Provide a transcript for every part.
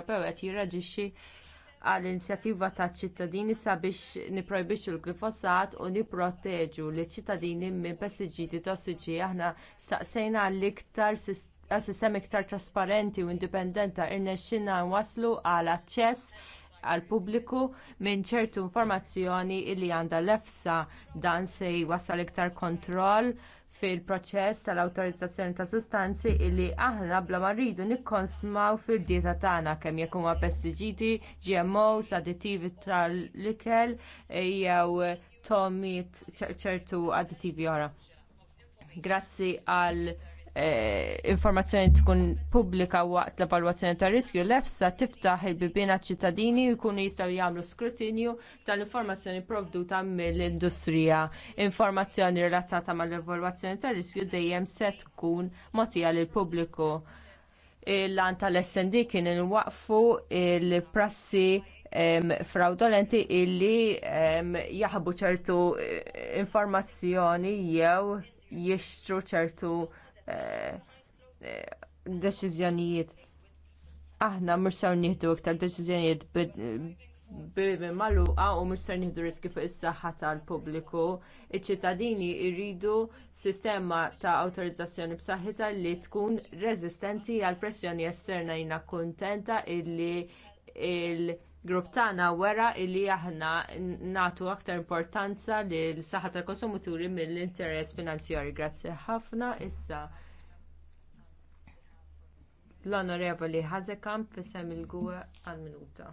Ewropew qed jirraġixxi għal inizjattiva taċ ċittadini sabiex nipprojbixxu l-glifosat u nipproteġu l ċittadini minn pestiġidi tossiċi. Aħna staqsejna l-iktar sistemi iktar trasparenti u indipendenti irnexxinna nwasslu għal aċċess għall pubbliku minn ċertu informazzjoni li għandha l-efsa dan se jwassal iktar kontroll fil-proċess tal-awtorizzazzjoni ta' sustanzi illi aħna bla ma rridu nikkonsmaw fil dieta tagħna kemm jekk huma pestiċidi, GMOs, additivi tal-ikel jew tomit ċertu additivi oħra. Grazzi għal Eh, informazzjoni tkun pubblika waqt l-evalwazzjoni ta' riskju l-EFSA tiftaħ il-bibina ċittadini u jkunu jistgħu jagħmlu skrutinju tal-informazzjoni provduta mill-industrija. Informazzjoni relatata mal-evalwazzjoni ta' riskju dejjem se tkun mogħtija lill pubbliku. Il-lan tal-SND kien waqfu l prassi fraudolenti illi jaħbu ċertu eh, informazzjoni jew jixtru ċertu Eh, eh, deċiżjonijiet. Aħna mhux ser nieħdu iktar deċiżjonijiet bibi magħluqa u mhux ser nieħdu riski fuq is-saħħa tal-pubbliku. Iċ-ċittadini jridu sistema ta' awtorizzazzjoni b'saħħitha li tkun reżistenti għall pressjoni esterna jiena kuntenta illi il- grupp tagħna wera li aħna nagħtu aktar importanza lil saħħa tal-konsumaturi mill-interess finanzjarji. Grazzi ħafna issa l-Onorevoli Ħażekamp fisem il-gwe għal-minuta.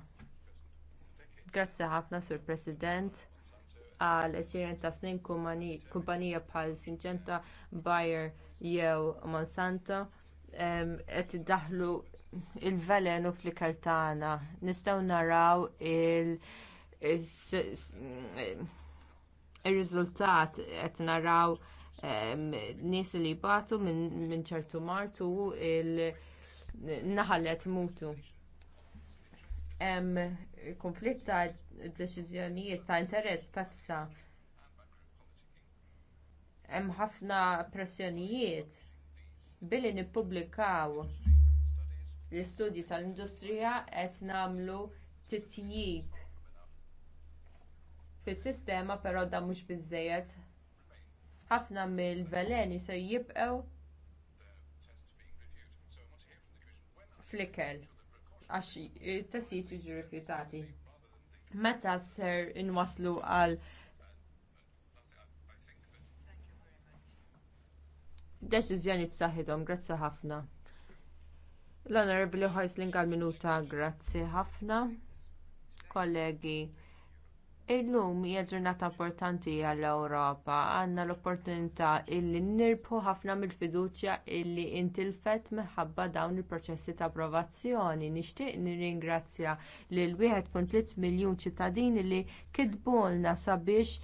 Grazzi ħafna, Sur President għal 20 ta' snin kumpanija bħal Sinġenta, Bayer jew Monsanto qed iddaħħlu il-velenu fl-ikel tagħna. Nistgħu naraw il- ir-riżultat qed naraw nies li jbatu minn ċertu martu il naħallet mutu. Hemm konflitt ta' deċiżjonijiet ta' interess pepsa. Hemm ħafna pressjonijiet billi nippubblikaw l-istudji tal-industrija qed nagħmlu titjib fis-sistema però dan mhux biżżejjed. Ħafna mill-veleni ser jibqgħu fl-ikel għax it-testijiet jiġu rifjutati. Meta ser inwasslu għal deċiżjoni b'saħħithom, grazzi ħafna. L-Honorable Hoisling għal-minuta, grazzi ħafna. Kollegi, Illum hija ġurnata importanti għall-Ewropa. Għandna l-opportunità illi nirbħu ħafna mill-fiduċja illi intilfet minħabba dawn il-proċessi ta' approvazzjoni. Nixtieq nirringrazzja lil 1.3 miljun ċittadini li kitbulna sabiex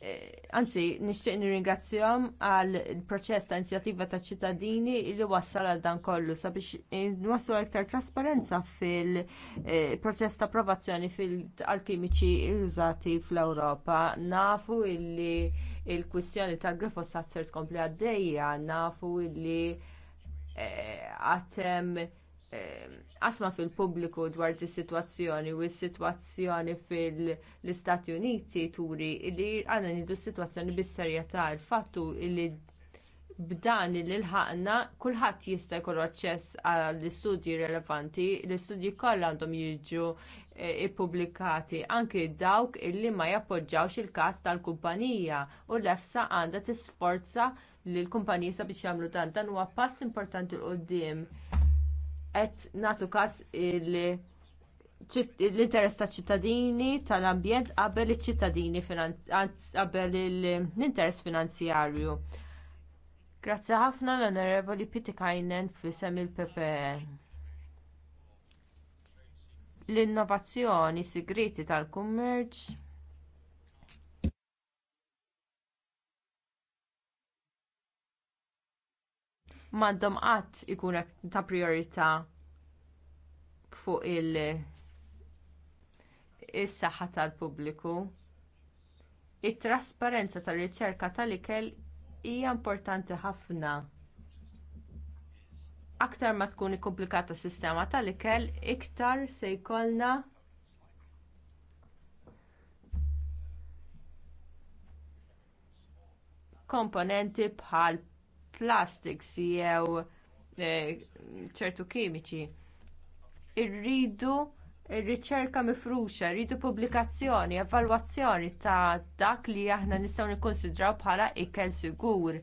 Eh, anzi, nixtieq nirringrazzjahom għal proċess ta' inizjattiva ta' ċittadini li wassal għal dan kollu sabiex eh, nwassu iktar trasparenza fil-proċess eh, ta' approvazzjoni fil-alkimiċi użati fl-Ewropa. Nafu illi il-kwistjoni tal-glifosat ser tkompli għaddejja, nafu illi għatem eh, asma fil-pubbliku dwar is-sitwazzjoni u s-sitwazzjoni fil-Istati Uniti turi li għandna nidu s-sitwazzjoni bis-serjetà il-fattu li b'dan li l kulħadd jista' jkollu aċċess għall-istudji rilevanti, l-istudji kollha għandhom jiġu eh, ippubblikati anki dawk illi ma jappoġġawx il-każ tal-kumpanija u l-EFSA għandha tisforza lill kumpanija sabiex jagħmlu dan dan huwa pass importanti l qudiem qed nagħtu każ l-interess taċ ċittadini tal-ambjent qabel iċ-ċittadini qabel l-interess finanzjarju. Grazzi ħafna l-Onorevoli Pitikajnen f'isem il-PPE. L-innovazzjoni sigriti tal-kummerċ m'għandhom qatt ikun ta' priorità fuq il is-saħħa tal-pubbliku. It-trasparenza tar-riċerka tal-ikel hija importanti ħafna. Aktar ma tkun ikkumplikata s-sistema tal-ikel, iktar se jkollna komponenti bħal plastics jew eh, ċertu kimiċi. Irridu riċerka mifruxa, rridu pubblikazzjoni, evalwazzjoni ta' dak li aħna nistgħu nikkonsidraw bħala ikel sigur.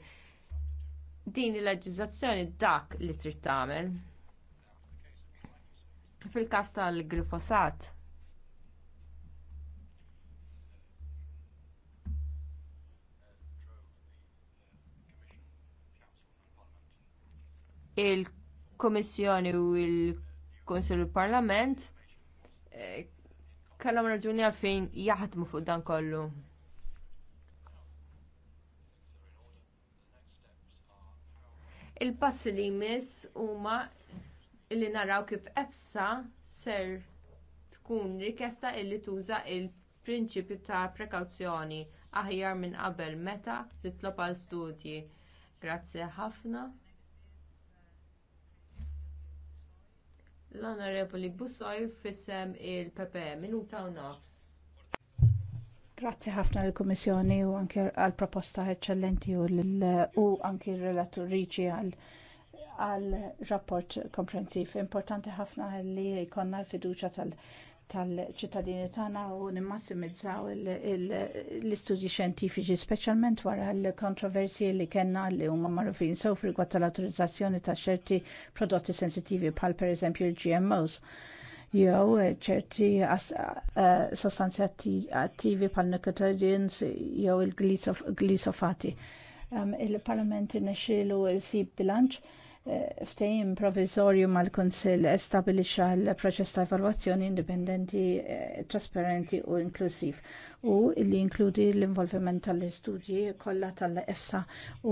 Din il-leġiżlazzjoni dak li trid tagħmel. Fil-każ tal-glifosat, il-Komissjoni u l-Konsil u l-Parlament eh, kellhom raġuni għalfejn jaħdmu fuq dan kollu. Il-passi li jmiss huma li naraw kif EFSA ser tkun rikesta illi tuża l prinċipju ta' prekawzjoni aħjar minn qabel meta titlob għal studji. Grazzi ħafna. l-Onorevoli Bussoj fissem il pp e, Minuta u nofs. Grazzi ħafna l-Kummissjoni u anke għal-proposta eccellenti u, u anke r-relatur riċi għal għal rapport komprensiv. Importanti ħafna li jkollna l-fiduċa tal- tal-ċittadini tagħna u nimmassimizzaw l-istudji xjentifiċi speċjalment wara l-kontroversji li kellna li huma magħrufin sew rigward tal-awtorizzazzjoni ta' ċerti prodotti sensittivi bħal pereżempju l-GMOs jew ċerti eh, sostanzi attivi bħal nicotidins jew il-glisofati. Ehm, Il-Parlament inaxxielu jsib bilanċ ftehim proviżorju mal-Kunsill stabbilixxa l-proċess ta' evalwazzjoni indipendenti, eh, trasparenti u inklużiv u li jinkludi l-involviment tal-istudji kollha tal-EFSA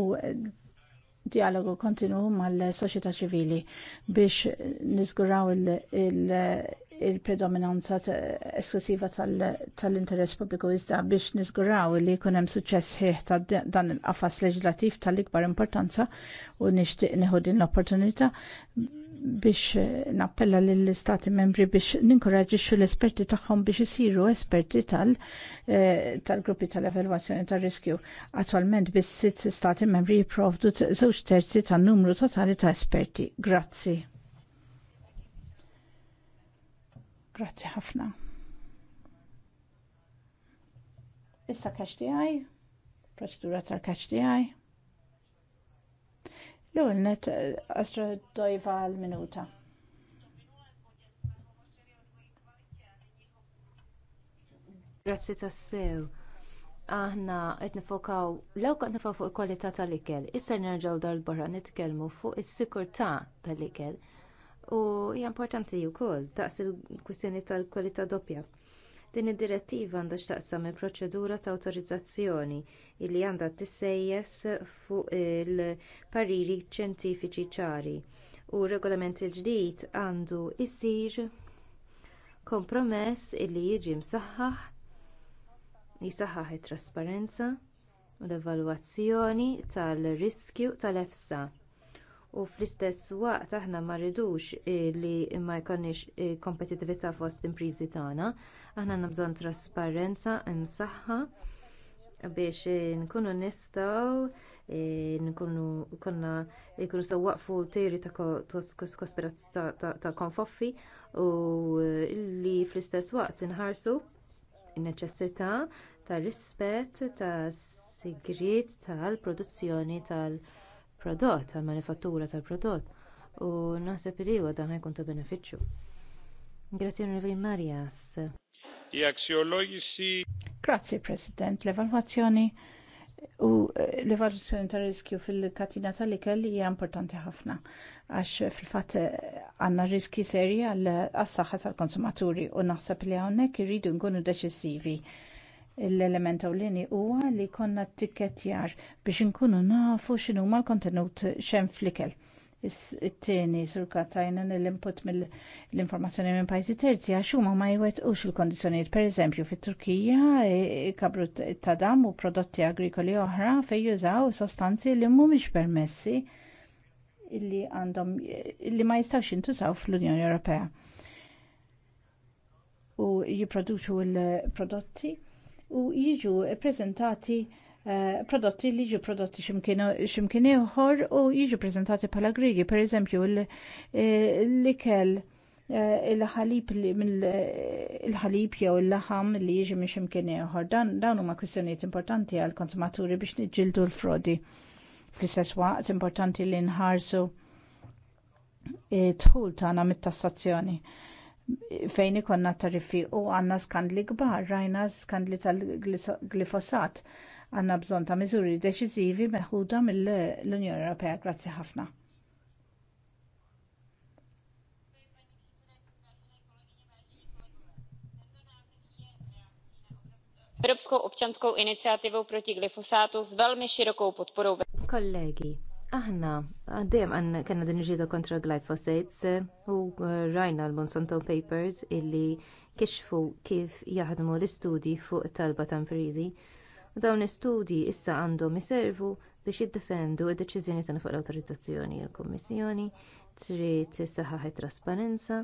u eh, dijalogu kontinwu mal-soċjetà ċivili biex niżguraw il-, il il-predominanza esklusiva tal-interess pubbliku iżda biex niżguraw li jkun hemm suċċess ħieħ ta' dan il-qafas leġislattiv tal-ikbar importanza u nixtieq nieħu din l-opportunità biex nappella lill istati membri biex ninkoraġixxu l-esperti tagħhom biex isiru esperti eh, tal-gruppi tal-evalwazzjoni tar-riskju. Attualment biss sitt stati membri jipprovdu żewġ terzi tan-numru totali ta' esperti. Grazzi. Grazzi ħafna. Issa kaċ tiegħi, proċedura tal-kaċ tiegħi. L-ewwel net eh, Astra Dojva għal-minuta. Grazzi tassew aħna qed nifokaw lew qed nifokaw fuq il-kwalità tal-ikel, issa nerġgħu barra nitkellmu fuq is-sikurtà tal-ikel u hija importanti wkoll daqs il-kwistjoni tal-kwalità doppja. Din id-direttiva għandha x'taqsam il-proċedura ta' awtorizzazzjoni li għandha tissejjes fuq il-pariri ċjentifiċi ċari u r regolament il-ġdid għandu jsir kompromess li jiġi msaħħaħ jisaħħaħ it-trasparenza u l-evalwazzjoni tal-riskju tal-efsa u fl-istess waqt aħna ma rridux li ma jkollniex eh, kompetitività fost impriżi tagħna. Aħna għandna bżonn trasparenza imsaħħa biex eh, nkunu nistgħu eh, nkunu konna jkunu sew waqfu teori ta' ta' konfoffi u li fl-istess waqt inħarsu in-neċessità tar rispett tas sigriet tal-produzzjoni tal-, -produzzjoni tal prodott għal manifattura tal-prodott u naħseb li huwa dan ħajkun ta' benefiċċju. Grazzi Onorevoli Marias. Grazzi President, l-evalwazzjoni u eh, l-evalwazzjoni ta' riskju fil-katina tal-ikel hija importanti ħafna għax fil-fatt eh, għandna riski serji għall-saħħa tal-konsumaturi u naħseb li hawnhekk irridu nkunu deċiżivi l-element ewlieni huwa li konna tikketjar biex inkunu nafu x'inhu l kontenut xemm fl-ikel. Is-tieni sur katajna l-input mill-informazzjoni minn pajjiżi terzi għax huma ma jwettqux il-kondizzjonijiet. Pereżempju fit-Turkija kabru ta' dam u prodotti agrikoli oħra fejn jużaw sostanzi li mhumiex permessi illi għandhom illi ma jistawx jintużaw fl-Unjoni Ewropea. U jipproduċu l-prodotti u jiġu ppreżentati eh, prodotti li jiġu prodotti ximkien ieħor u jiġu ppreżentati bħala grigi, pereżempju eh, l-ikel eh, il-ħalib il-ħalib jew il-laħam li jiġi minn ximkien ieħor. Dawn huma kwistjonijiet importanti għall konsumaturi biex niġġieldu l-frodi. Fl-istess waqt importanti li nħarsu t dħul tagħna mit-tassazzjoni fejn ikonna tariffi u għandna skandli kbar, rajna skandli tal-glifosat għandna bżonn ta' miżuri deċiżivi meħuda mill-Unjoni Ewropea. Grazzi ħafna. evropskou občanskou iniciativou proti glyfosátu s velmi širokou podporou. Kolegi, Aħna, għaddejjem għan kena din iġida kontra glyphosates u rajna l-Monsanto Papers illi kixfu kif jaħdmu l-istudji fuq talba ta' imprizi. dawn l-istudji issa għandhom iservu biex jiddefendu id-deċiżjoni tan fuq l-awtorizzazzjoni l kummissjoni trid tissaħħaħ trasparenza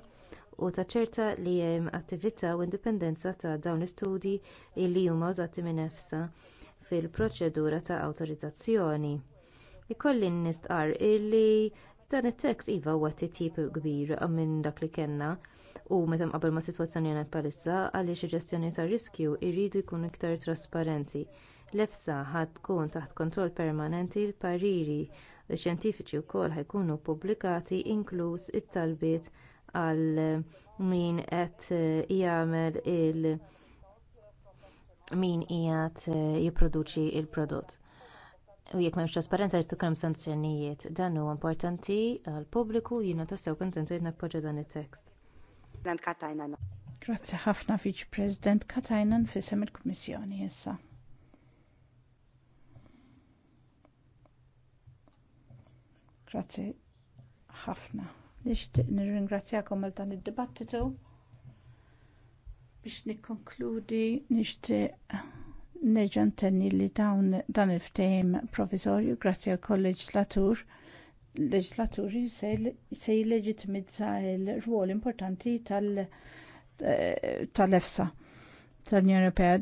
u ċerta li hemm attività u indipendenza ta' dawn l-istudji illi huma użati minn fil-proċedura ta' awtorizzazzjoni Ikolli nistqar illi dan it-tekst iva huwa titjib kbir minn dak li kellna u meta mqabel ma' sitwazzjoni għandna bħalissa għaliex il-ġestjoni tar riskju jridu jkunu iktar trasparenti. L-EFSA ħad tkun taħt kontroll permanenti l-pariri xjentifiċi wkoll ħajkunu ppubblikati inkluż it-talbiet għal min qed jagħmel il- min qiegħed jipproduċi l prodott u jekk m'hemmx trasparenza jrid ikun sanzjonijiet. Dan huwa importanti għall pubbliku jiena tassew kontent jrid nappoġġja dan it-tekst. Grazzi ħafna Viċi President Katajnan fisem il-Kummissjoni issa. Grazzi ħafna. Nixtieq nirringrazzjakom għal dan id-dibattitu biex nikkonkludi nixtieq neġan tenni li dawn dan il-ftehim proviżorju grazzi għal kolleġlatur leġislaturi se jileġitimizza l ruol importanti eh, tal-EFSA tal-Unjoni Ewropea.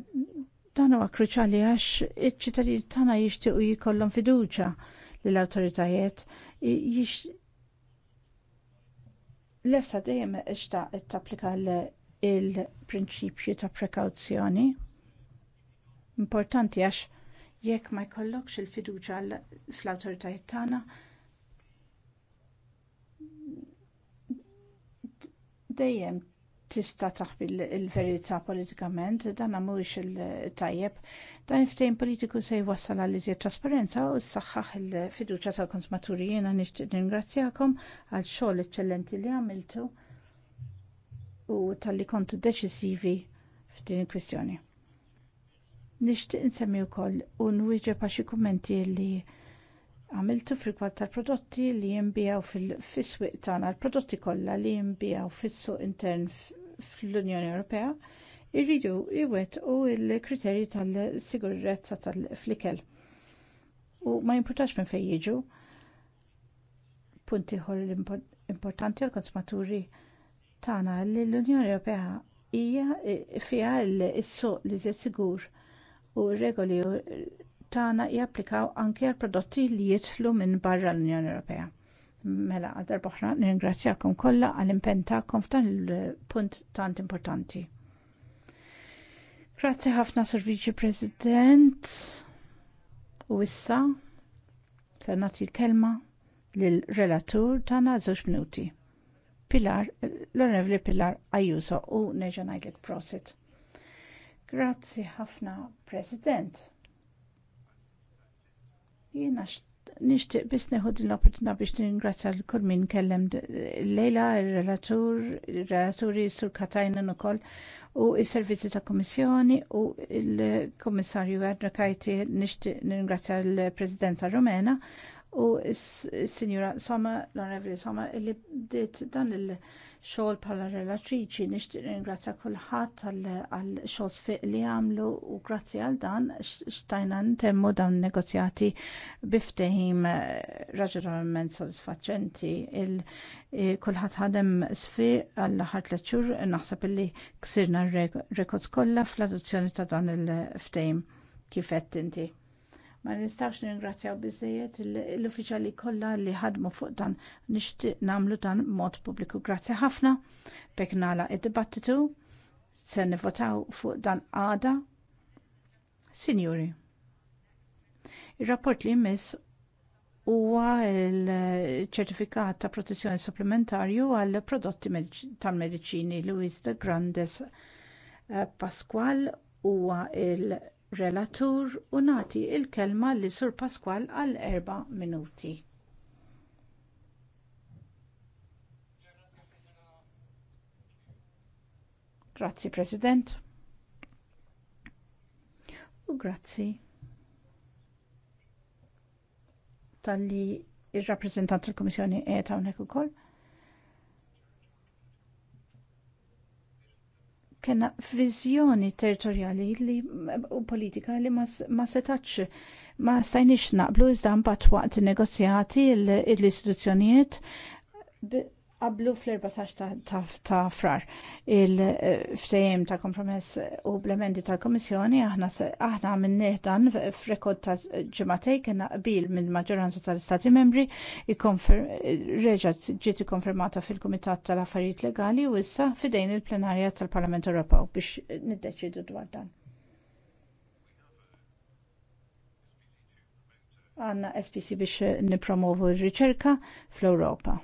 Dan huwa kruċjali għax iċ-ċittadini tagħna jixtiequ jkollhom fiduċja lill awtoritajiet l-EFSA dejjem qed tapplika l-prinċipju ta' prekawzjoni importanti għax jekk ma jkollokx il-fiduċja fl-awtoritajiet tagħna dejjem tista' taħbil il-verità politikament, dan mhuwiex il-tajjeb. Dan il-ftehim politiku se jwassal għal iżjed trasparenza u s-saħħaħ il-fiduċja tal-konsumaturi jiena nixtieq ningrazzjakom għal xogħol eċċellenti li għamiltu u tal-li kontu deċisivi f'din il-kwistjoni. Nixtieq insemmi wkoll u nwieġeb għaxi kummenti li għamiltu frikwat tal-prodotti li jinbijaw fis-swieq tagħna l-prodotti kollha li jimbijaw fis-suq intern fl-Unjoni Ewropea jridu u l-kriterji tal-sigurezza tal-flikel. U ma jimpurtax minn fejn jiġu. Punt l importanti għal konsumaturi tagħna li l-Unjoni Ewropea hija fiha s-suq li żied sigur u r-regoli tagħna japplikaw anke għal prodotti li jidħlu minn barra l-Unjoni Ewropea. Mela, għal boħra, nirringrazzjakom kollha għall impenn tagħkom f'dan il-punt tant importanti. Grazzi ħafna Sir Viċi President u issa se nagħti l-kelma lill relatur tagħna żewġ minuti. Pilar, l-Onorevoli Pilar Ajuso u neġa ngħidlek prosit. Grazzi ħafna, President. Jiena nixtieq biss neħu din l-opportunità biex ningrazzja l kull min kellem lejla il relatur ir-relaturi sur Katajnen ukoll u s-servizzi ta' Kummissjoni u l-Kummissarju Kajti nixtieq ningrazzja l-Presidenza Rumena u s-Sinjura Sama, l-Onorevoli Sama, li bdiet dan il-xogħol bħala relatriċi nixtieq ringrazzja kulħadd għall-xogħol sfiq li għamlu u grazzi għal dan xtajna ntemmu dan negozjati biftehim eh, raġunalment sodisfaċenti eh, kulħadd ħadem sfiq għall-aħħar tliet xhur naħseb illi ksirna r-rekords kollha fl-adozzjoni ta' dan il-ftehim kif inti ma nistawx ningrazzjaw biżżejjed l-uffiċjali kollha li ħadmu fuq dan nixtieq nagħmlu dan mod pubbliku. Grazzi ħafna bekk nagħlaq id-dibattitu se nivotaw fuq dan għada. Sinjuri, ir-rapport li jmiss huwa l-ċertifikat ta' protezzjoni supplementarju għal prodotti tal-mediċini Luis de Grandes eh, Pasqual huwa il- relatur u nati l kelma li Sur Pasqual għal erba' minuti. Grazzi President. U grazzi Talli li il-rappresentant tal-Komissjoni qiegħed hawnhekk ukoll. kena viżjoni territorjali li u politika li ma setax ma stajniex naqblu iżda mbagħad waqt in negozjati l-istituzzjonijiet qablu fl-14 ta' frar il ftejem ta' kompromess u bl-emendi tal-Komissjoni aħna minn dan f'rekord ta' ġematej kena qbil mill maġġoranza tal-Istati membri reġat ġiet konfermata fil-Kumitat tal-Affarijiet Legali u issa fidejn il-plenarja tal-Parlament Ewropew biex niddeċidu dwar dan. Għanna SPC biex nipromovu r-riċerka fl-Europa.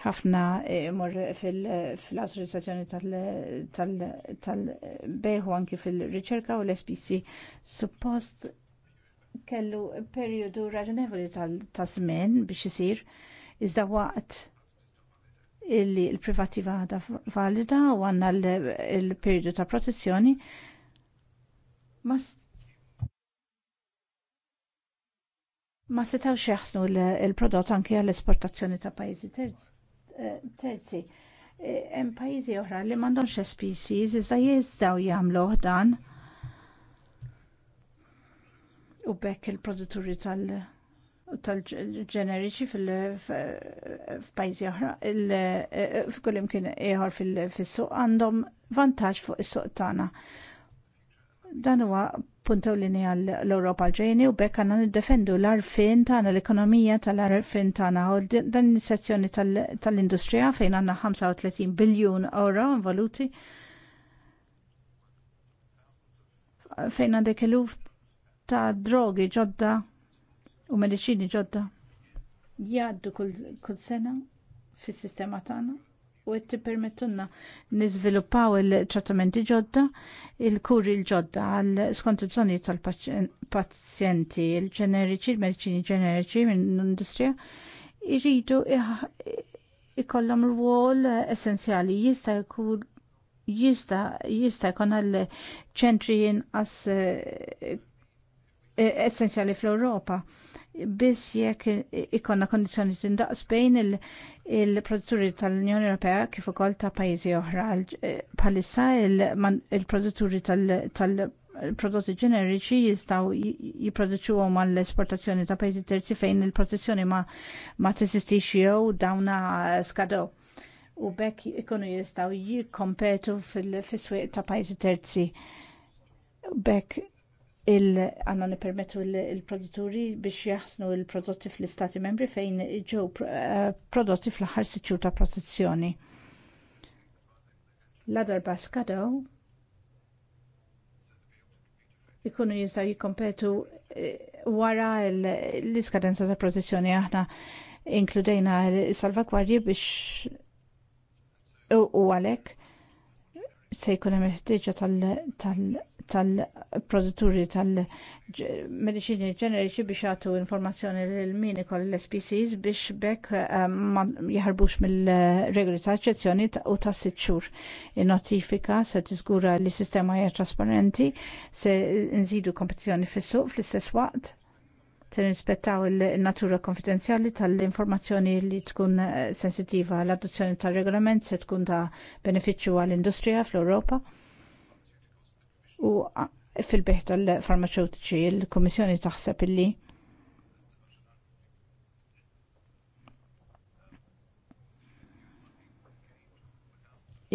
ħafna eh, mor fil-autorizzazzjoni eh, tal-beħu anki fil-riċerka u l-SPC suppost kellu perjodu raġunevoli ta' żmien biex isir iżda waqt illi l-privati vada valida u għandna l-perjodu ta' protezzjoni ma setgħux jaħsnu l-prodott anke għall-esportazzjoni ta' pajjiżi terzi Eh, terzi. Eh, hemm pajjiżi oħra li m'għandhomx SPCs iżda jistgħu jagħmluh dan. U bekk il-produtturi tal- tal-ġeneriċi fil-pajzi oħra, eh, f'kull imkien ieħor fil-suq għandhom vantaġġ fuq is-suq tagħna. Dan huwa puntaw l-inni għall-Europa ġejni u bekk għanna niddefendu l-arfin tagħna l-ekonomija tal-arfin tagħna u dan is-sezzjoni tal-industrija fejn għandna 35 biljun euro involuti fejn għandek eluf ta' drogi ġodda u mediċini ġodda jgħaddu kull sena fis-sistema tagħna u t tippermettunna niżviluppaw il-trattamenti ġodda, il-kuri l-ġodda għal skont il-bżonnijiet tal-pazjenti, il-ġeneriċi, il medicini ġeneriċi minn l-industrija jridu ikollhom rwol essenzjali jista' jkun jista' jista' jkun għal ċentri jinqas eh, essenzjali fl-Ewropa biss jekk ikonna kondizjoni tindaqs bejn il-produtturi tal-Unjoni Ewropea kif ukoll ta' pajjiżi oħra. Eh, bħalissa il-produtturi tal-prodotti ġeneriċi jistgħu jipproduċuhom għall esportazzjoni ta' pajjiżi terzi fejn il-protezzjoni ma tesistix jew dawna skadow. U bekk ikunu jistgħu jikkompetu fil-fiswieq ta' pajjiżi terzi. Bekk għanna nipermetu l-produtturi biex jaħsnu l-prodotti fl-istati membri fejn ġew eh, prodotti fl-aħħar siċċur ta' protezzjoni. l darba skadaw ikunu jistaw jikompetu eh, wara l-iskadenza ta' protezzjoni aħna inkludejna salvagwarji biex u għalek se jkun hemm ħtieġa tal-produtturi tal-mediċini ġeneriċi biex jagħtu informazzjoni lil min ikoll l-SPCs biex bekk ehm, ma jaħarbux mill-regoli ta' eċċezzjoni u ta' sitt xhur. In-notifika se tiżgura li s sistema hija trasparenti se nżidu kompetizzjoni fis-suq fl-istess waqt tirrispettaw il-natura konfidenzjali tal-informazzjoni li tkun eh, sensittiva l-adozzjoni tal-regolament se tkun ta' benefiċċju għall-industrija fl-Ewropa u fil-beħ tal-farmaceutiċi il-Kummissjoni taħseb illi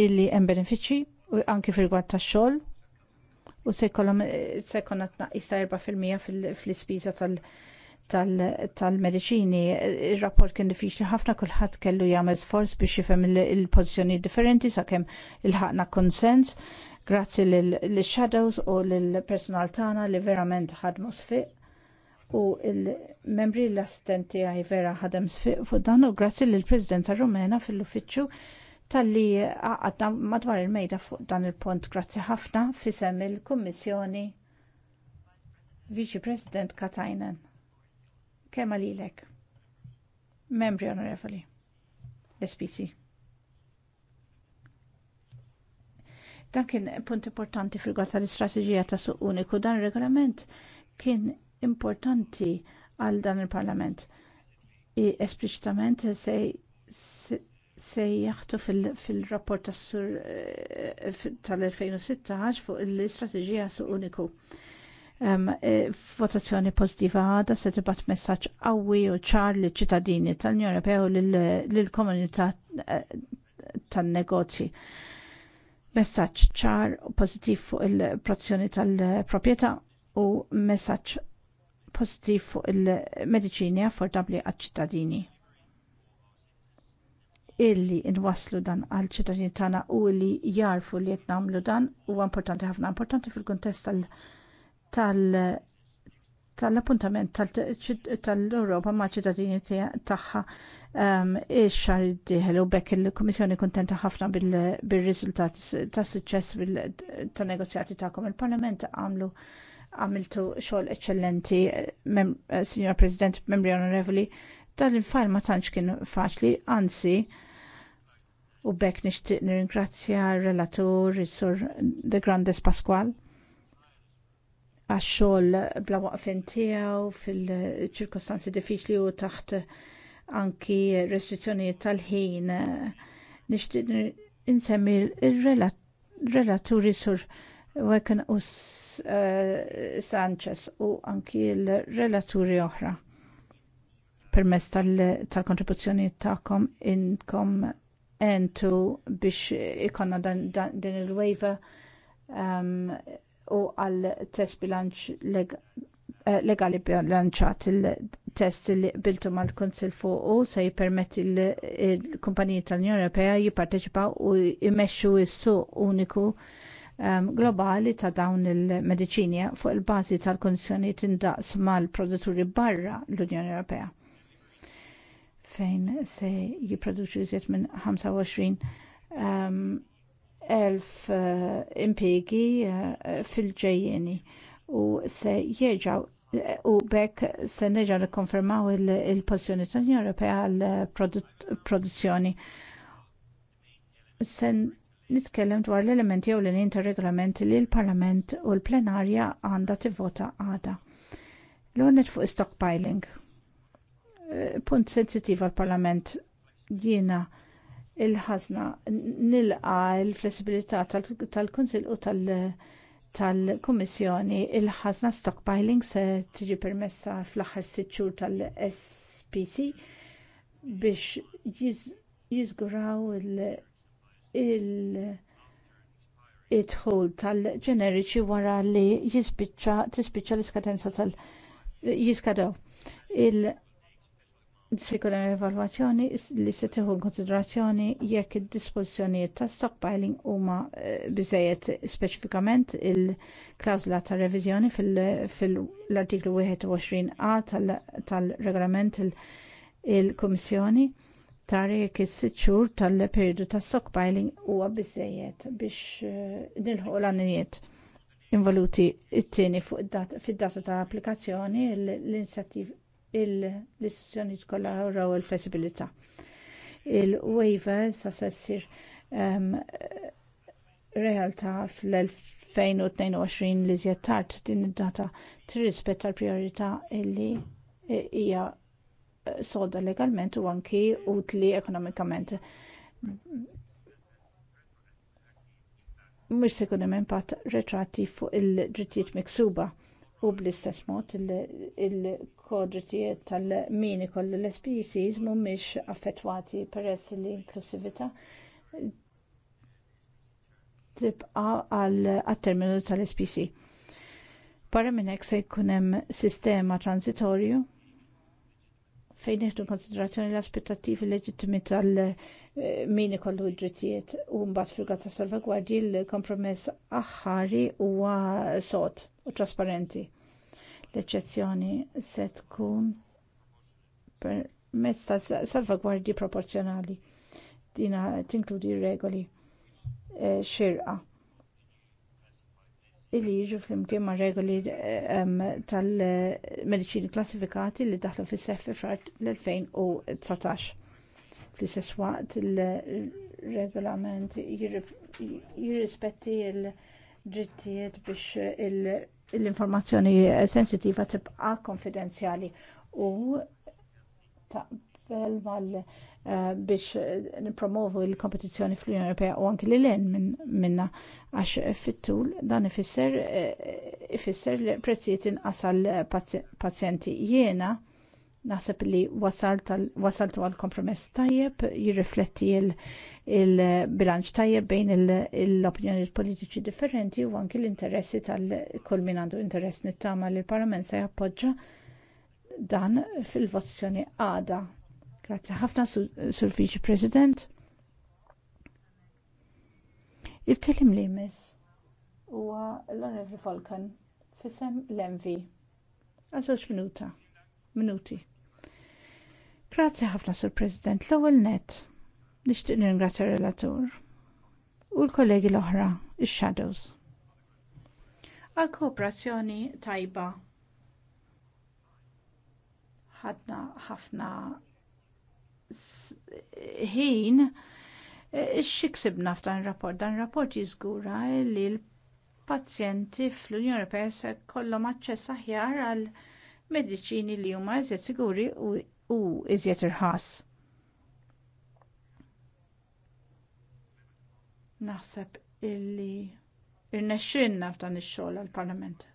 illi hemm benefiċċji u anki fil rigward tax-xogħol u se jkollhom tnaqqis ta' 4% fl-ispiża tal- tal-medicini, il-rapport kien diffiċli ħafna kulħadd kellu jagħmel sforz biex jifhem il pożizzjonijiet differenti sakemm il ħakna konsens. Grazzi l shadows u lill-personal tagħna li verament ħadmu sfiq u il-membri l-assistenti għaj vera ħadem sfiq fuq dan u grazzi lill-Presidenta Rumena fil-uffiċċju tal-li għadna madwar il-mejda fuq dan il-pont. Grazzi ħafna fisem il-Kummissjoni Viċi President Katajnen. Kemm għalilek? Membri onorevoli. l-SPC. Dan kien punt importanti fil tal-istrateġija ta' suq uniku. Dan il-regolament kien importanti għal dan il-Parlament. Esplicitament se se jaħtu fil-rapport eh, tal-2016 fuq l-istrateġija suq uniku. Eh, votazzjoni pożittiva għada se tibat messaġġ qawwi u ċar liċ ċittadini tal-Unjoni Ewropea u lill-komunità eh, tan-negozji. Messaġġ ċar u pożittiv fuq il-protezzjoni tal-proprjetà u messaġġ pożittiv fuq il-mediċini affordabbli għaċ-ċittadini illi nwasslu dan għal ċittadini tagħna u li jarfu li qed nagħmlu dan huwa importanti ħafna importanti fil-kuntest tal-appuntament tal-Ewropa ma' ċittadini tagħha ehm, ix-xahar iddieħel u bekk il-Kummissjoni kuntenta ħafna bir-riżultati ta' suċċess tan-negozjati tagħkom. Il-Parlament għamlu għamiltu xogħol eċċellenti, eh, Signor President, membri onorevoli, dan il-fajl ma tantx kien faċli, anzi, u bekk nixtieq nirringrazzja r-relatur sur De Grandes Pasqual għax-xogħol bla waqfin tiegħu fil-ċirkostanzi diffiċli u taħt anki restrizzjoni tal-ħin. Nishtiq insemmi r-relaturi sur Wekken u eh, Sanchez u anki l-relaturi oħra permezz tal-kontribuzzjoni ta'kom inkom entu biex ikonna din il-waiver um, u għal test bilanċ leg eh, legali bilanċat il-test li biltu mal konsil fuq u se jipermetti l-kumpaniji tal-Unjoni Ewropea jipparteċipaw u jmexxu s-suq uniku um, globali ta' dawn il-mediċini fuq il-bażi tal kondizjoni tindaqs mal-produtturi barra l-Unjoni Ewropea fejn se jiproduċu iżjed minn 25 um, ehm, elf uh, uh, fil-ġejjeni u se jieġaw u bekk se neġaw nikkonfermaw il-pozizjoni tal-Unjoni Ewropea għal produzzjoni. Se nitkellem dwar l-elementi jew l-lin regolamenti li l-Parlament u l-plenarja għandha tivvota għada. L-għonet fuq stockpiling Eh, punt sensitiv għal-Parlament jiena il-ħazna nilqa il-flessibilità tal-Kunsil u tal-Kummissjoni il-ħazna stockpiling se tiġi permessa fl-aħħar sitt tal-SPC biex jiżguraw il- itħol dħul tal-ġeneriċi wara li jispiċċa tispiċċa l-iskadenza tal- jiskadaw. Il- se jkun hemm evalwazzjoni li se tieħu konsiderazzjoni jekk id-dispożizzjonijiet ta' stockpiling huma eh, biżejjed speċifikament il klawsula ta' reviżjoni fil-artiklu 21a tal-regolament il-Kummissjoni ta' jekk is-sitt xhur tal-perjodu ta' stockpiling huwa biżżejjed biex eh, nilħu l-għanijiet involuti t tieni fuq fid-data ta' applikazzjoni l inzjattiv l-istituzzjoni kollha raw il-flessibilità. Il-waiver sa ssir um, realtà fl-2022 li żjed tard din id-data tirrispetta l-prijorità li hija soda legalment u anki utli ekonomikament. Mhux se jkun hemm impatt retratti fuq il-drittijiet miksuba u bl-istess mod il-kodritijiet tal-min ikollu l-species mhumiex affettwati peress li l-inklusività tibqa għat-terminu tal-spc. Barra minn hekk se jkun hemm sistema transitorju fejn nieħdu konsiderazzjoni l-aspettattivi leġittimi tal-min ikollu d-drittijiet u mbagħad fil ta' salvagwardji l-kompromess aħħari huwa sod u trasparenti l-eċċezzjoni se tkun permezz ta' salvagwardji proporzjonali tinkludi regoli eh, xirqa illi jiġu flimkien mar regoli eh, tal-mediċini klassifikati li daħlu fis seħħ fi frar l-2019. Fl-istess waqt il-regolament jirrispetti l-drittijiet biex il- l-informazzjoni sensitiva tibqa konfidenzjali u taqbel mal eh, biex nipromovu il-kompetizzjoni fl-Unjoni Ewropea u anki li len minna għax fit-tul dan ifisser eh, ifisser li prezzijiet inqas għal pazjenti jiena Naħseb li wasaltu għal kompromess tajjeb, jirrifletti il-bilanċ tajjeb bejn l opinjoni politiċi differenti u anki l-interessi tal-kull min għandu interess nittama li l-Parlament se jappoġġa dan fil-votazzjoni għada. Grazzi ħafna sur vice President. Il-kelim li mis huwa l-Onorevoli Falcon fisem l-MV. Għal minuta minuti. Grazzi ħafna sur President l-ewwel net. Nixtieq ringrazzja relatur u l-kollegi l-oħra, ix-Shadows. Għal kooperazzjoni tajba. Ħadna ħafna ħin e, xiksibna f'dan rapport. Dan rapport jiżgura li l-pazjenti fl-Unjoni Ewropea se kollhom aċċess aħjar għal mediċini li huma eżed siguri u u iżjed irħas. Naħseb illi irnexxinna f'dan ix-xogħol għall-Parlament.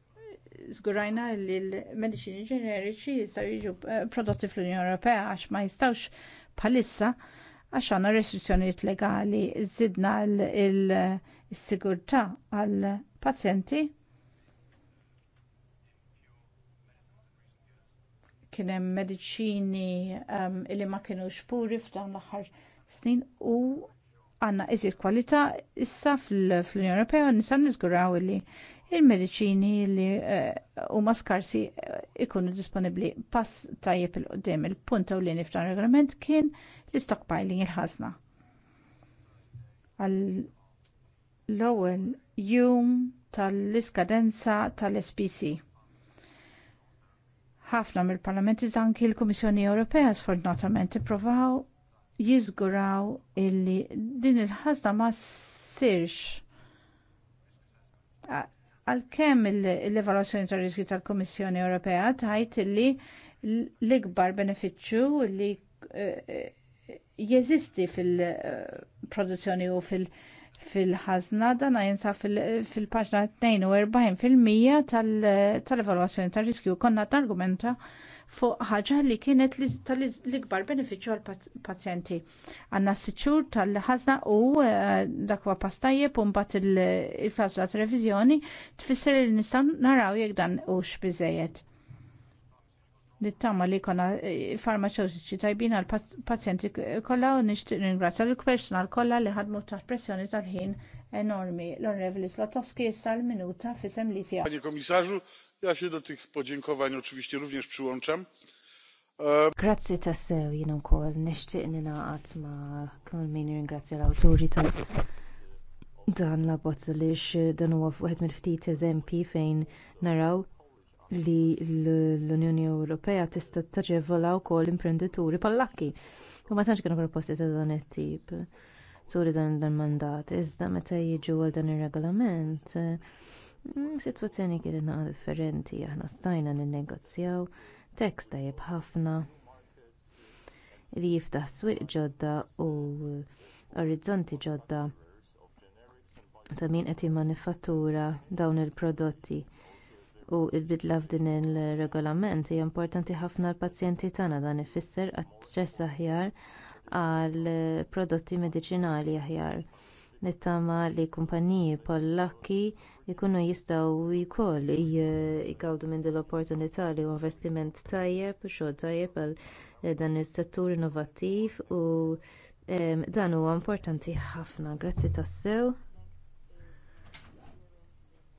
Żgurajna li l-mediċini ġeneriċi jistgħu jiġu eh, prodotti fl-Unjoni Ewropea għax ma jistgħux bħalissa għax għandna restrizzjonijiet legali żidna l-sigurtà għall-pazjenti kien hemm mediċini um, ehm, li ma kinux puri f'dawn l-aħħar snin u għandna iżjed kwalità issa fl-Unjoni Ewropea nisa niżguraw li il-mediċini li eh, huma uh, skarsi eh, ikunu disponibbli pass tajjeb il qudiem il-punt ewlieni f'dan regolament kien l-stockpiling il-ħażna. Għal l-ewwel jum tal-iskadenza tal-SPC ħafna mill-Parlament iżda anki l-Kummissjoni Ewropea sfortunatament ippruvaw jiżguraw illi din il-ħażna ma ssirx. Għalkemm l-evalwazzjoni tar-riskju tal-Kummissjoni Ewropea tajt illi l-ikbar benefiċċju li eh, eh, jeżisti fil-produzzjoni eh, u fil-, -produzzjoni fil fil-ħazna dan jinsa fil-paġna 42% tal-evaluazzjoni tal-riskju konna argumenta fuq ħaġa li kienet l-ikbar benefiċċju għall-pazjenti. Għanna s sicċur tal-ħazna u eh, dakwa pastajje u mbagħad il-klawżla revizjoni tfisser li nistgħu naraw jekk dan hux biżejjed li tama li kona eh, farmaceutiċi tajbin għal pazjenti kolla u nixtieq ringrazzja l personal kolla li ħadmu taħt pressjoni tal-ħin enormi. L-Onrevli Slotowski issa l-minuta fisem li sija. Panie komisarzu, ja się do tych podziękowań oczywiście również przyłączam. Grazzi tassew kol, ukoll nixtieq ningħaqad ma' kull min ringrazzja l autori tal dan la abbozz li dan huwa wieħed mill-ftit eżempji fejn naraw li l-Unjoni Ewropea tista' taġevola wkoll imprenditori pallakki. U ma tantx kienu proposti ta' dan it-tip. Suri dan il-mandat, iżda meta jiġu għal dan ir-regolament, mm, sitwazzjoni kienet naqa' differenti, aħna stajna ninnegozjaw tekst tajjeb ħafna li jiftaħ swieq ġodda u orizzonti ġodda ta' min qed jimmanifattura dawn il-prodotti u l-bidla f'din ir-regolament hija importanti ħafna għall-pazjenti tagħna dan ifisser aċċess aħjar għal prodotti mediċinali aħjar nittama li kumpaniji pollakki jkunu jistgħu wkoll jgawdu minn din l-opportunità li huwa investiment tajjeb u xogħol tajjeb għal dan is-settur innovattiv u dan huwa importanti ħafna. Grazzi tassew.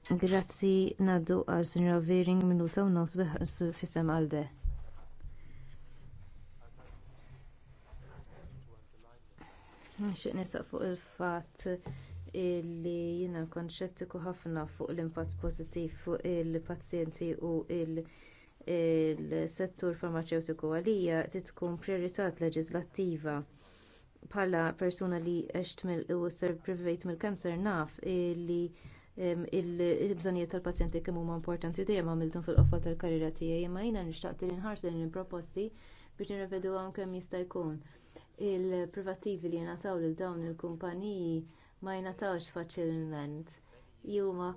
Grazzi naddu għal Sinjora Vering minuta u nofs fissem għalde. Xieq nisaq fuq il-fat li jina konċettiku ħafna fuq l-impatt pozittiv fuq il-pazjenti u il-settur farmaceutiku għalija titkun prioritat leġislattiva bħala persuna li eċt mill-kanser naf li il-bżonijiet tal-pazjenti kemm huma importanti dejjem għamiltu fil-qofol tal-karriera tiegħi imma jiena nixtaq li nħarsu lil il-proposti biex nirrevedu hawn kemm jista' jkun il-privattivi li jingħataw lil dawn il-kumpaniji ma jingħatawx faċilment huma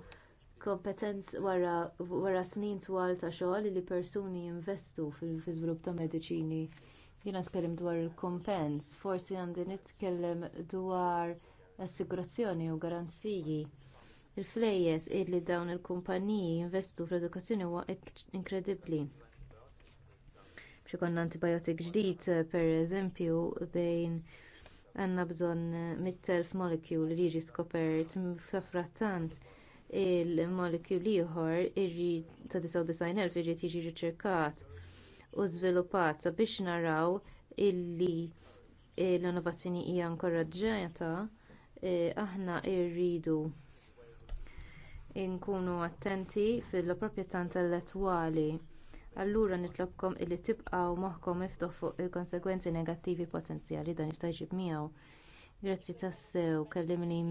kompetenz wara, wara snin twal ta' xogħol li persuni jinvestu fil żvilupp ta' mediċini. Jiena tkellem dwar il-kompens, forsi għandi nitkellem dwar assigurazzjoni u garanziji il-flejjes illi dawn il-kumpaniji jinvestu fl-edukazzjoni huwa inkredibbli B'xi ikollna antibiotik ġdid pereżempju bejn għandna bżonn mit-telf molekuli li jiġi skopert frattant il-molecule ieħor ta' 99,000 irid jiġi riċerkat u żviluppat sabiex naraw illi l-innovazzjoni hija inkoraġġata eh, aħna rridu Inkunu attenti fil-proprjetà intellettwali allura nitlobkom li tibqgħu moħħkom miftuħ fuq il-konsegwenzi negattivi potenzjali dan jista' jġib miegħu grazzi tassew kellim li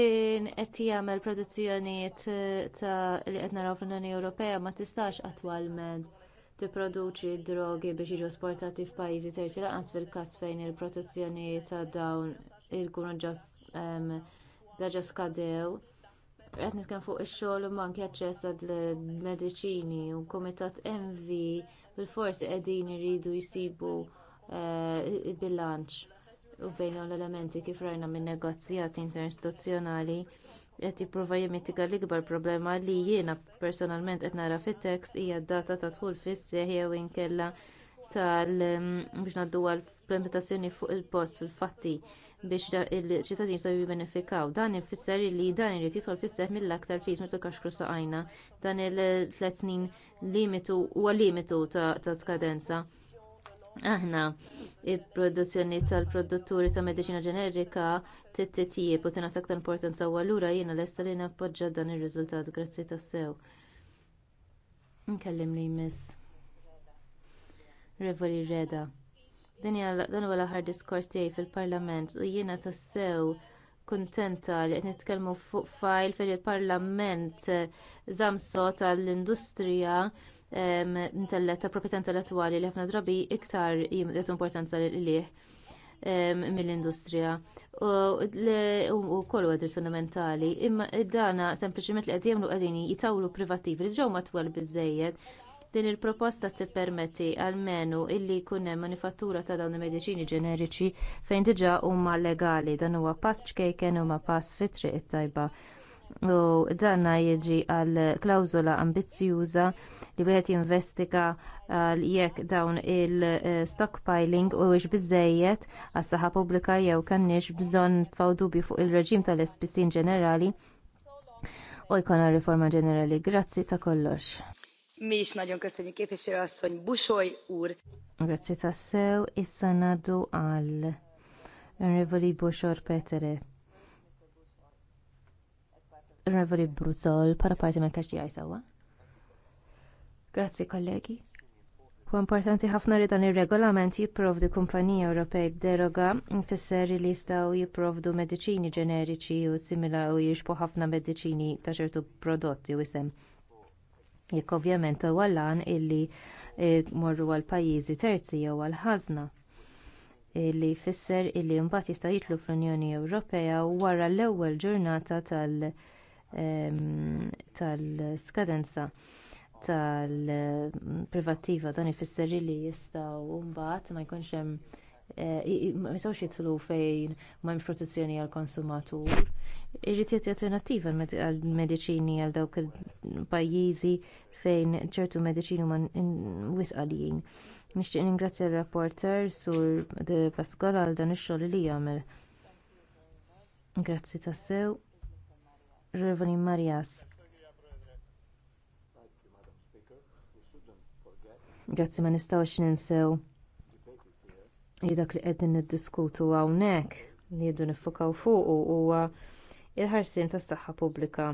In qed jagħmel produzzjonijiet li qed naraw fl-Unjoni Ewropea ma tistax attwalment tipproduċi d-drogi biex jiġu esportati f'pajjiżi terzi lanqas fil-każ fejn il protezzjonijiet ta' dawn ikunu ġa skadew qed nitkellem fuq ix-xogħol u anke aċċess għall-mediċini u kumitat mv bilfors qegħdin iridu jsibu il eh, bilanċ u bejn l-elementi kif rajna min-negozjati interistituzzjonali qed jipprova jimmitiga l-ikbar problema li jiena personalment qed nara fit-text hija d-data ta' dħul fis-seħħ jew inkella tal mm, biex ngħaddu għall-implementazzjoni fuq il-post fil-fatti biex il-ċittadini jistgħu jibbenefikaw. Dan ifisser li dan irid jidħol fis-seħħ mill-aktar fis meta kaxkru saqajna dan il tlet snin limitu huwa limitu ta' skadenza. Aħna, il-produzzjoni tal-produtturi ta' mediċina ġenerika titjib u ta' ktar importanza u allura jiena lesta li nappoġġa dan ir-riżultat grazzi ta' sew Nkellim li jmiss. Revoli Reda. Dan huwa l-aħħar diskors tiegħi fil-Parlament u jiena tassew kuntenta li qed nitkellmu fuq fajl fil-Parlament Zamso tal-industrija ta' proprjetà intellettwali li ħafna drabi iktar jimdet importanza lilih mill-industrija. U kollu għadri fundamentali, imma id-dana sempliciment li għadjem lu għadini jitawlu privativi, ġew matwal bizzejed, din il-proposta tippermetti għalmenu illi jkun hemm manifattura ta' dawn il-mediċini ġeneriċi fejn diġà huma legali dan huwa pass ċkejken huma pass fit-triq it-tajba u danna jiġi għal klawżola ambizzjuża li wieħed jinvestiga għal uh, jekk dawn il-stockpiling u biżżejjed għas-saħħa pubblika jew kanniex bżonn tfaw dubju fuq il-reġim tal ispissin ġenerali u jkollna riforma ġenerali. Grazzi ta' kollox. Miex naġun kassini kif ixira assonj buxoj ur. Grazzi tassew, issa ngħaddu għal Enrivoli Buxor Peteret. Reveri Brussol, para parti minn kaxi għaj sawa. Grazzi kollegi. U importanti ħafna li dan ir-regolament jipprovdi kumpanija Ewropej b'deroga fisser li jistgħu jipprovdu mediċini ġeneriċi u simila u jiexpu ħafna mediċini ta' ċertu prodotti u isem. Jekk ovvjament u għallan illi e, morru għal pajjiżi terzi jew għal ħazna Illi jfisser illi mbagħad jista' jitlu fl-Unjoni Ewropea wara l-ewwel ġurnata tal- Ehm, tal-skadenza tal-privattiva dan ifisser li jistgħu mbagħad ma jkunx hemm eh, ma jistgħux jidħlu fejn m'hemmx protezzjoni għall konsumatur Irid jagħti alternattiva għall-mediċini għal dawk il-pajjiżi fejn ċertu mediċini huma wisqalijin. Nixtieq ningrazzja r rapporter sur De Pascal għal dan ix-xogħol li jagħmel. Grazzi tassew. Rivani Marias. Grazzi ma nistgħux ninsew li dak li qegħdin niddiskutu hawnhekk li jiddu niffokaw fuq huwa il ħarsien tas-saħħa pubblika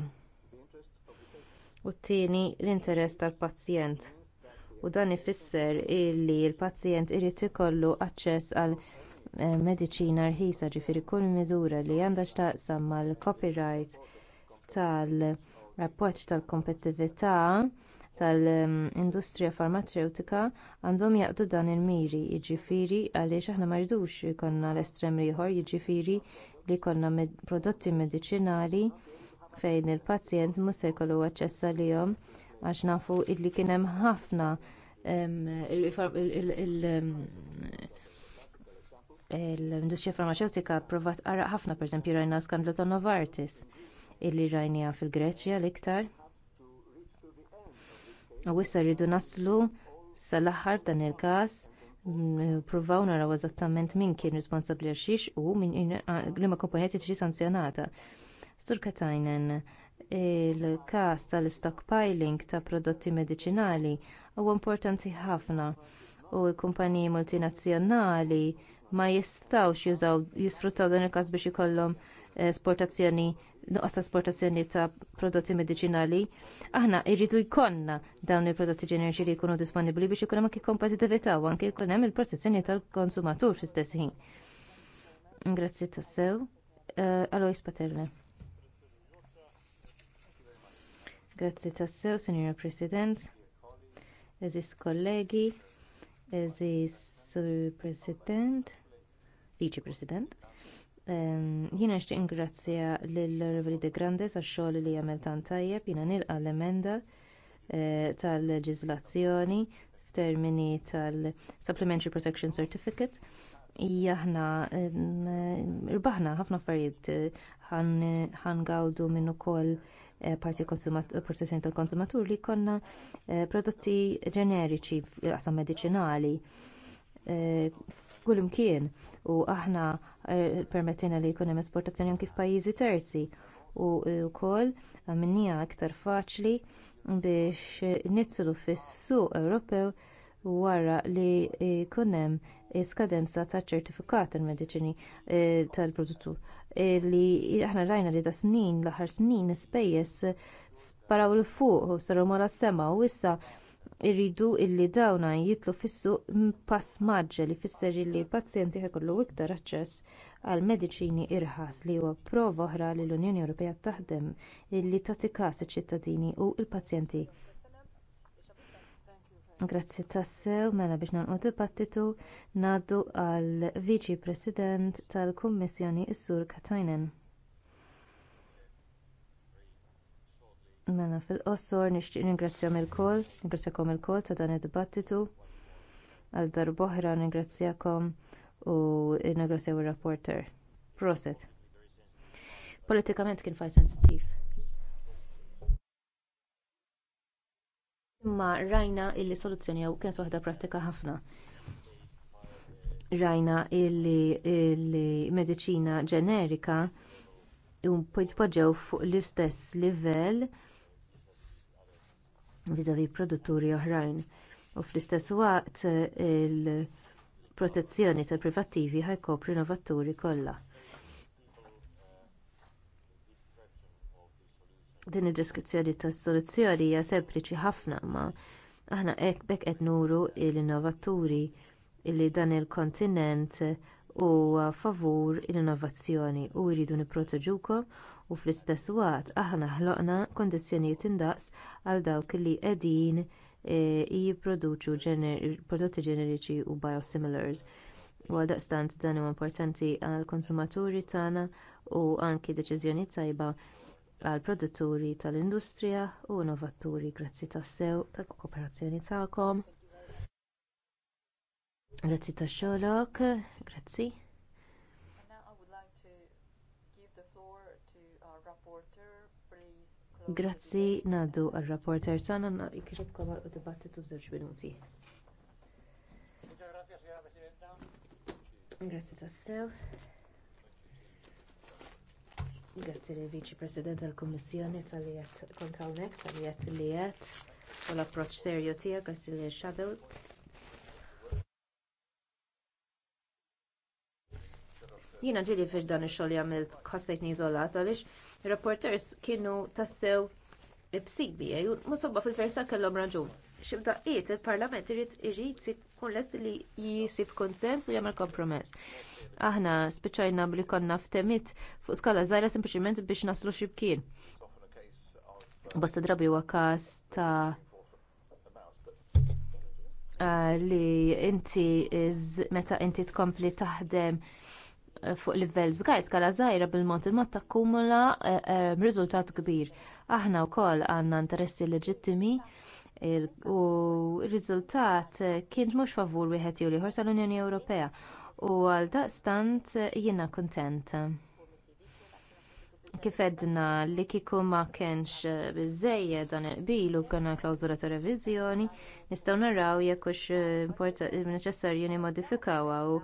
u t-tieni l-interess tal-pazjent u dan ifisser li l-pazjent irid ikollu aċċess għal eh, mediċina rħisa ġifieri kull miżura li għandha x'taqsam mal-copyright tal-rapport tal-kompetittività tal-industrija farmaceutika għandhom jaqdu dan il-miri jiġifieri għaliex aħna ma rridux jkollna l-estrem ieħor jiġifieri li jkollna med prodotti mediċinali fejn il-pazjent mhux se jkollu aċċess għalihom għax nafu li kien hemm ħafna l-industrija farmaceutika provat araq ħafna pereżempju rajna skandlu ta' Novartis illi rajniha fil-Greċja l-iktar. U issa rridu naslu sal-aħħar dan il-każ Provaw naraw eżattament min kien responsabbli għal xiex u min liema kumpanija tiġi sanzjonata. Sur Katajnen, il-każ tal-stockpiling ta' prodotti mediċinali huwa importanti ħafna u l-kumpaniji multinazzjonali ma jistgħux jużaw jisfruttaw dan il-każ biex ikollhom eh, esportazzjoni nuqqas esportazzjoni ta' prodotti medicinali, aħna irridu jkonna dawn il-prodotti ġenerici li jkunu disponibli biex jkunu ma' anke u anke jkun hemm il-protezzjoni tal-konsumatur fl-istess ħin. Grazzi tassew. Uh, Alois Paterle. Grazzi tassew, Signor President, eżis kollegi, eżis Sur President, Vice President jina nixtieq ingrazzja lill-Reveli De Grandes għax-xogħol li jagħmel tant tajjeb jiena nilqa l-emenda eh, tal-leġiżlazzjoni f'termini tal-Supplementary Protection Certificate. Jaħna rbaħna ħafna affarijiet eh, ħangawdu minn ukoll eh, parti protezzjoni tal-konsumatur li konna prodotti ġeneriċi għasam medicinali kull kien u aħna eh, permettina li jkun hemm esportazzjoni kif f'pajjiżi terzi u eh, wkoll minnija iktar faċli biex nitzlu fis-suq Ewropew wara li eh, jkun hemm skadenza ta' ċertifikat il-mediċini tal-produttur. Li aħna rajna li ta' snin, l-aħħar snin, spejjeż sparaw l fuq u saru mala sema u issa irridu illi dawn jidħlu fis-suq pass maġġel li jfisser li l-pazjenti ħajkollu iktar aċċess għal mediċini irħas li huwa prova oħra li l-unjoni ewropea taħdem illi tagħti każ iċ-ċittadini u l-pazjenti Grazzi tassew mela biex nagħlqu dibattitu ngħaddu għall viċi President tal-Kummissjoni is-Sur Katainen. Mela fil-qosor nixtieq ningrazzjahom il-kol, ningrazzjakom il-kol ta' dan id-dibattitu. Għal darboħra ningrazzjakom u ningrazzjaw ir-rapporter. Proset. Politikament kien faj sensittiv. Imma rajna illi soluzzjoni jew kienet waħda prattika ħafna. Rajna illi il-medicina ġenerika jpoġġew fuq l-istess livell vis vis-a-vis produtturi oħrajn u fl-istess waqt il-protezzjoni tal-privattivi ħajkopri l-innovaturi kollha din id-deskrizzjoni tas-soluzzjoni hija sempliċi ħafna imma aħna hekk b'hekk qed nuru l innovaturi li dan il-kontinent huwa favur l-innovazzjoni u jridu nipproteġukom u fl-istess waqt aħna ħloqna kundizzjonijiet indaqs għal dawk li qegħdin e, jipproduċu prodotti ġeneriċi u biosimilars u għaldaqstant dan huwa importanti għall konsumaturi tagħna u anki deċiżjoni tajba għall produtturi tal-industrija u innovaturi grazzi tassew tal-kooperazzjoni tagħkom Grazzi ta' xolok, grazzi. Grazzi ngħaddu għal rapporter tagħna jkiribkom u dibattitu f'żewġ minuti. Grazzi sew. Grazzi lill viċi President tal-Kummissjoni tal-li qed kont tal-li li qed u l-approċċ serju tiegħek, grazzi lil Shadow Jiena ġili fiex dan ix-xogħol li għamilt ħassejtni iżolat għaliex ir-rapporters kienu tassew b'sibi, ma sobba fil-versa kellhom raġun. X'imdaqqiet il-Parlament irid irid ikun lest li jisib konsens u jagħmel kompromess. Aħna spiċċajna li konna ftemit fuq skala żgħira sempliċement biex naslu xibkien. Bosta drabi huwa każ ta' li inti meta inti tkompli taħdem fuq livell żgħar skala żgħira bil-mod il-mod takkumula eh, eh, riżultat kbir. Aħna wkoll għandna interessi leġittimi u r-riżultat kien mhux favur wieħed jew ieħor tal-Unjoni Ewropea u għaldaqstant jiena kuntent. Kif edna li kieku ma kienx eh, biżżejjed dan il-qbil u kena klawzura ta' reviżjoni, nistgħu naraw jekk hux neċessarju nimmodifikawha u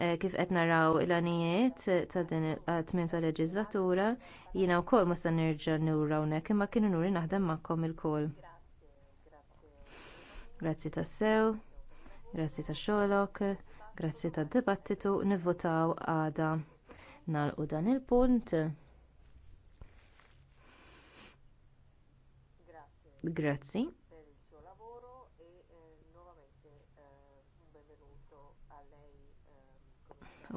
Eh, kif qed naraw il-għanijiet eh, ta' din il-tmim tal-leġiżlatura jiena wkoll ma se nerġa' nura hawnhekk imma kienu nuri naħdem magħkom ilkoll. Grazzi ta' sew grazzi ta' xogħolok grazzi tad-dibattitu nivvotaw għada. Nagħlqu dan il-punt. Grazzi.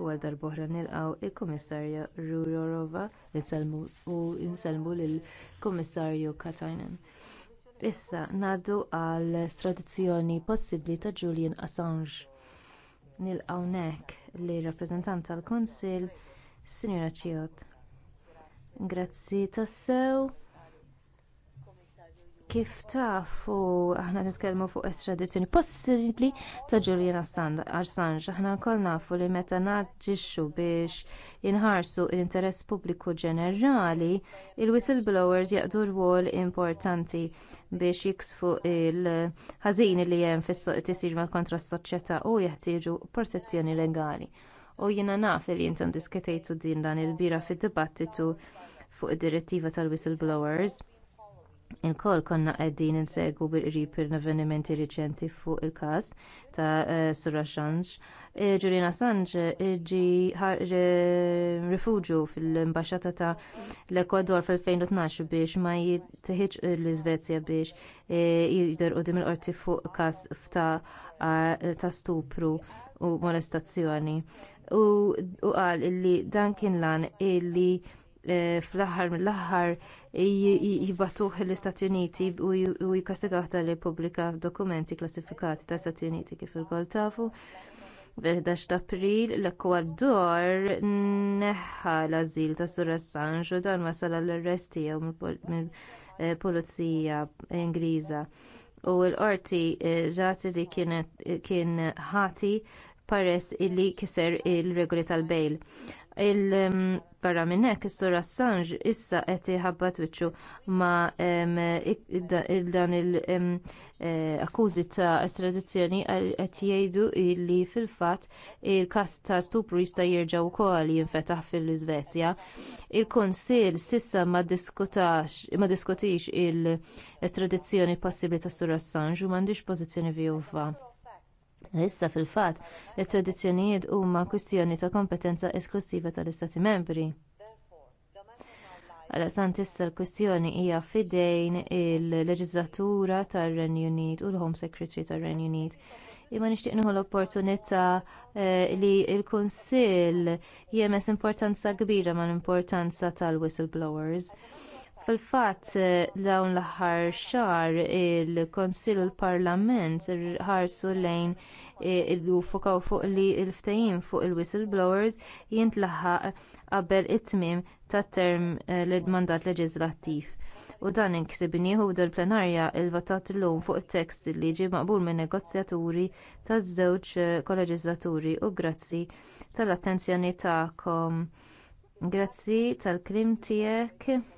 u għal oħra nilqgħu il-kummissarja Rurova u nsellmu lill-kummissarju Katainen. Issa ngħaddu għal estradizzjoni possibbli ta' Julian Assange. Nilqgħu hawnhekk li rappreżentant tal-Kunsill, Sinjura Ciot. Grazzi tassew. Kif tafu aħna nitkellmu fuq estradizzjoni possibbli ta' Julian Assange. Aħna wkoll nafu li meta naġġixxu biex inħarsu l-interess pubbliku ġenerali, il-whistleblowers jaqdu rwol importanti biex jiksfu il-ħażin li hemm fis-tisir mal-kontra s-soċjetà u jeħtieġu protezzjoni legali. U jiena naf li intom diskutejtu din dan il-bira fid-dibattitu fuq id-direttiva tal-whistleblowers Inkoll konna qegħdin insegwu bil-qrib l-avvenimenti riċenti fuq il-każ ta' eh, Sur Assange. Eh, Julian Assange eh, ġi rifugju fil-imbaxxata ta' l-Ekwador fil-2012 biex ma jitħiġ l-Iżvezja biex jidher qudiem il-qorti fuq każ ta' stupru u molestazzjoni. U qal illi dan kien lan illi fl-aħħar mill-aħħar jibatuh l-Istati Uniti u jikkastigaw tal-Repubblika f'dokumenti klassifikati ta' Stati Uniti kif il-kol tafu. Fil-11 ta' April l-Ekwador neħħa l-azil ta' Sur Assange u dan wasal l-arrest tiegħu mill-Pulizija Ingliża. U l-qorti eh, ġati li kien ħati paress illi kiser il-regoli tal-bejl mm, barra minn hekk is-sur Assange issa qed iħabbat wiċċu ma' dan il-akkużi eh, ta' estradizzjoni qed jgħidu li fil-fatt il-każ ta' stupru jista' jerġa' wkoll jinfetaħ fil-Iżvezja. Il-Kunsill s'issa ma diskutix il-estradizzjoni possibbli tas sur Assange u m'għandix pożizzjoni vjuva Issa fil-fatt, it-tradizzjonijiet huma kwistjoni ta' kompetenza esklusiva tal-Istati Membri. Għalaqsant issa l-kwistjoni hija fidejn il-leġislatura tar-Renju Unit u l-Home Secretary tar-Renju Unit. Imma nixtieq nieħu l-opportunità eh, li l-Kunsill jemes importanza kbira mal-importanza tal-whistleblowers. Fil-fatt eh, dawn l-aħħar xahar il-Konsill u l-Parlament ħarsu lejn eh, u fokaw fuq li l-ftehim fuq il-whistleblowers jintlaħaq qabel it-tmiem tat-term eh, l-mandat leġislattiv u dan inksib nieħu dal plenarja il-votat illum fuq it-tekst li ġie maqbul minn negozjaturi taż-żewġ koleġislaturi u grazzi tal-attenzjoni tagħkom. Grazzi tal krim tiegħek.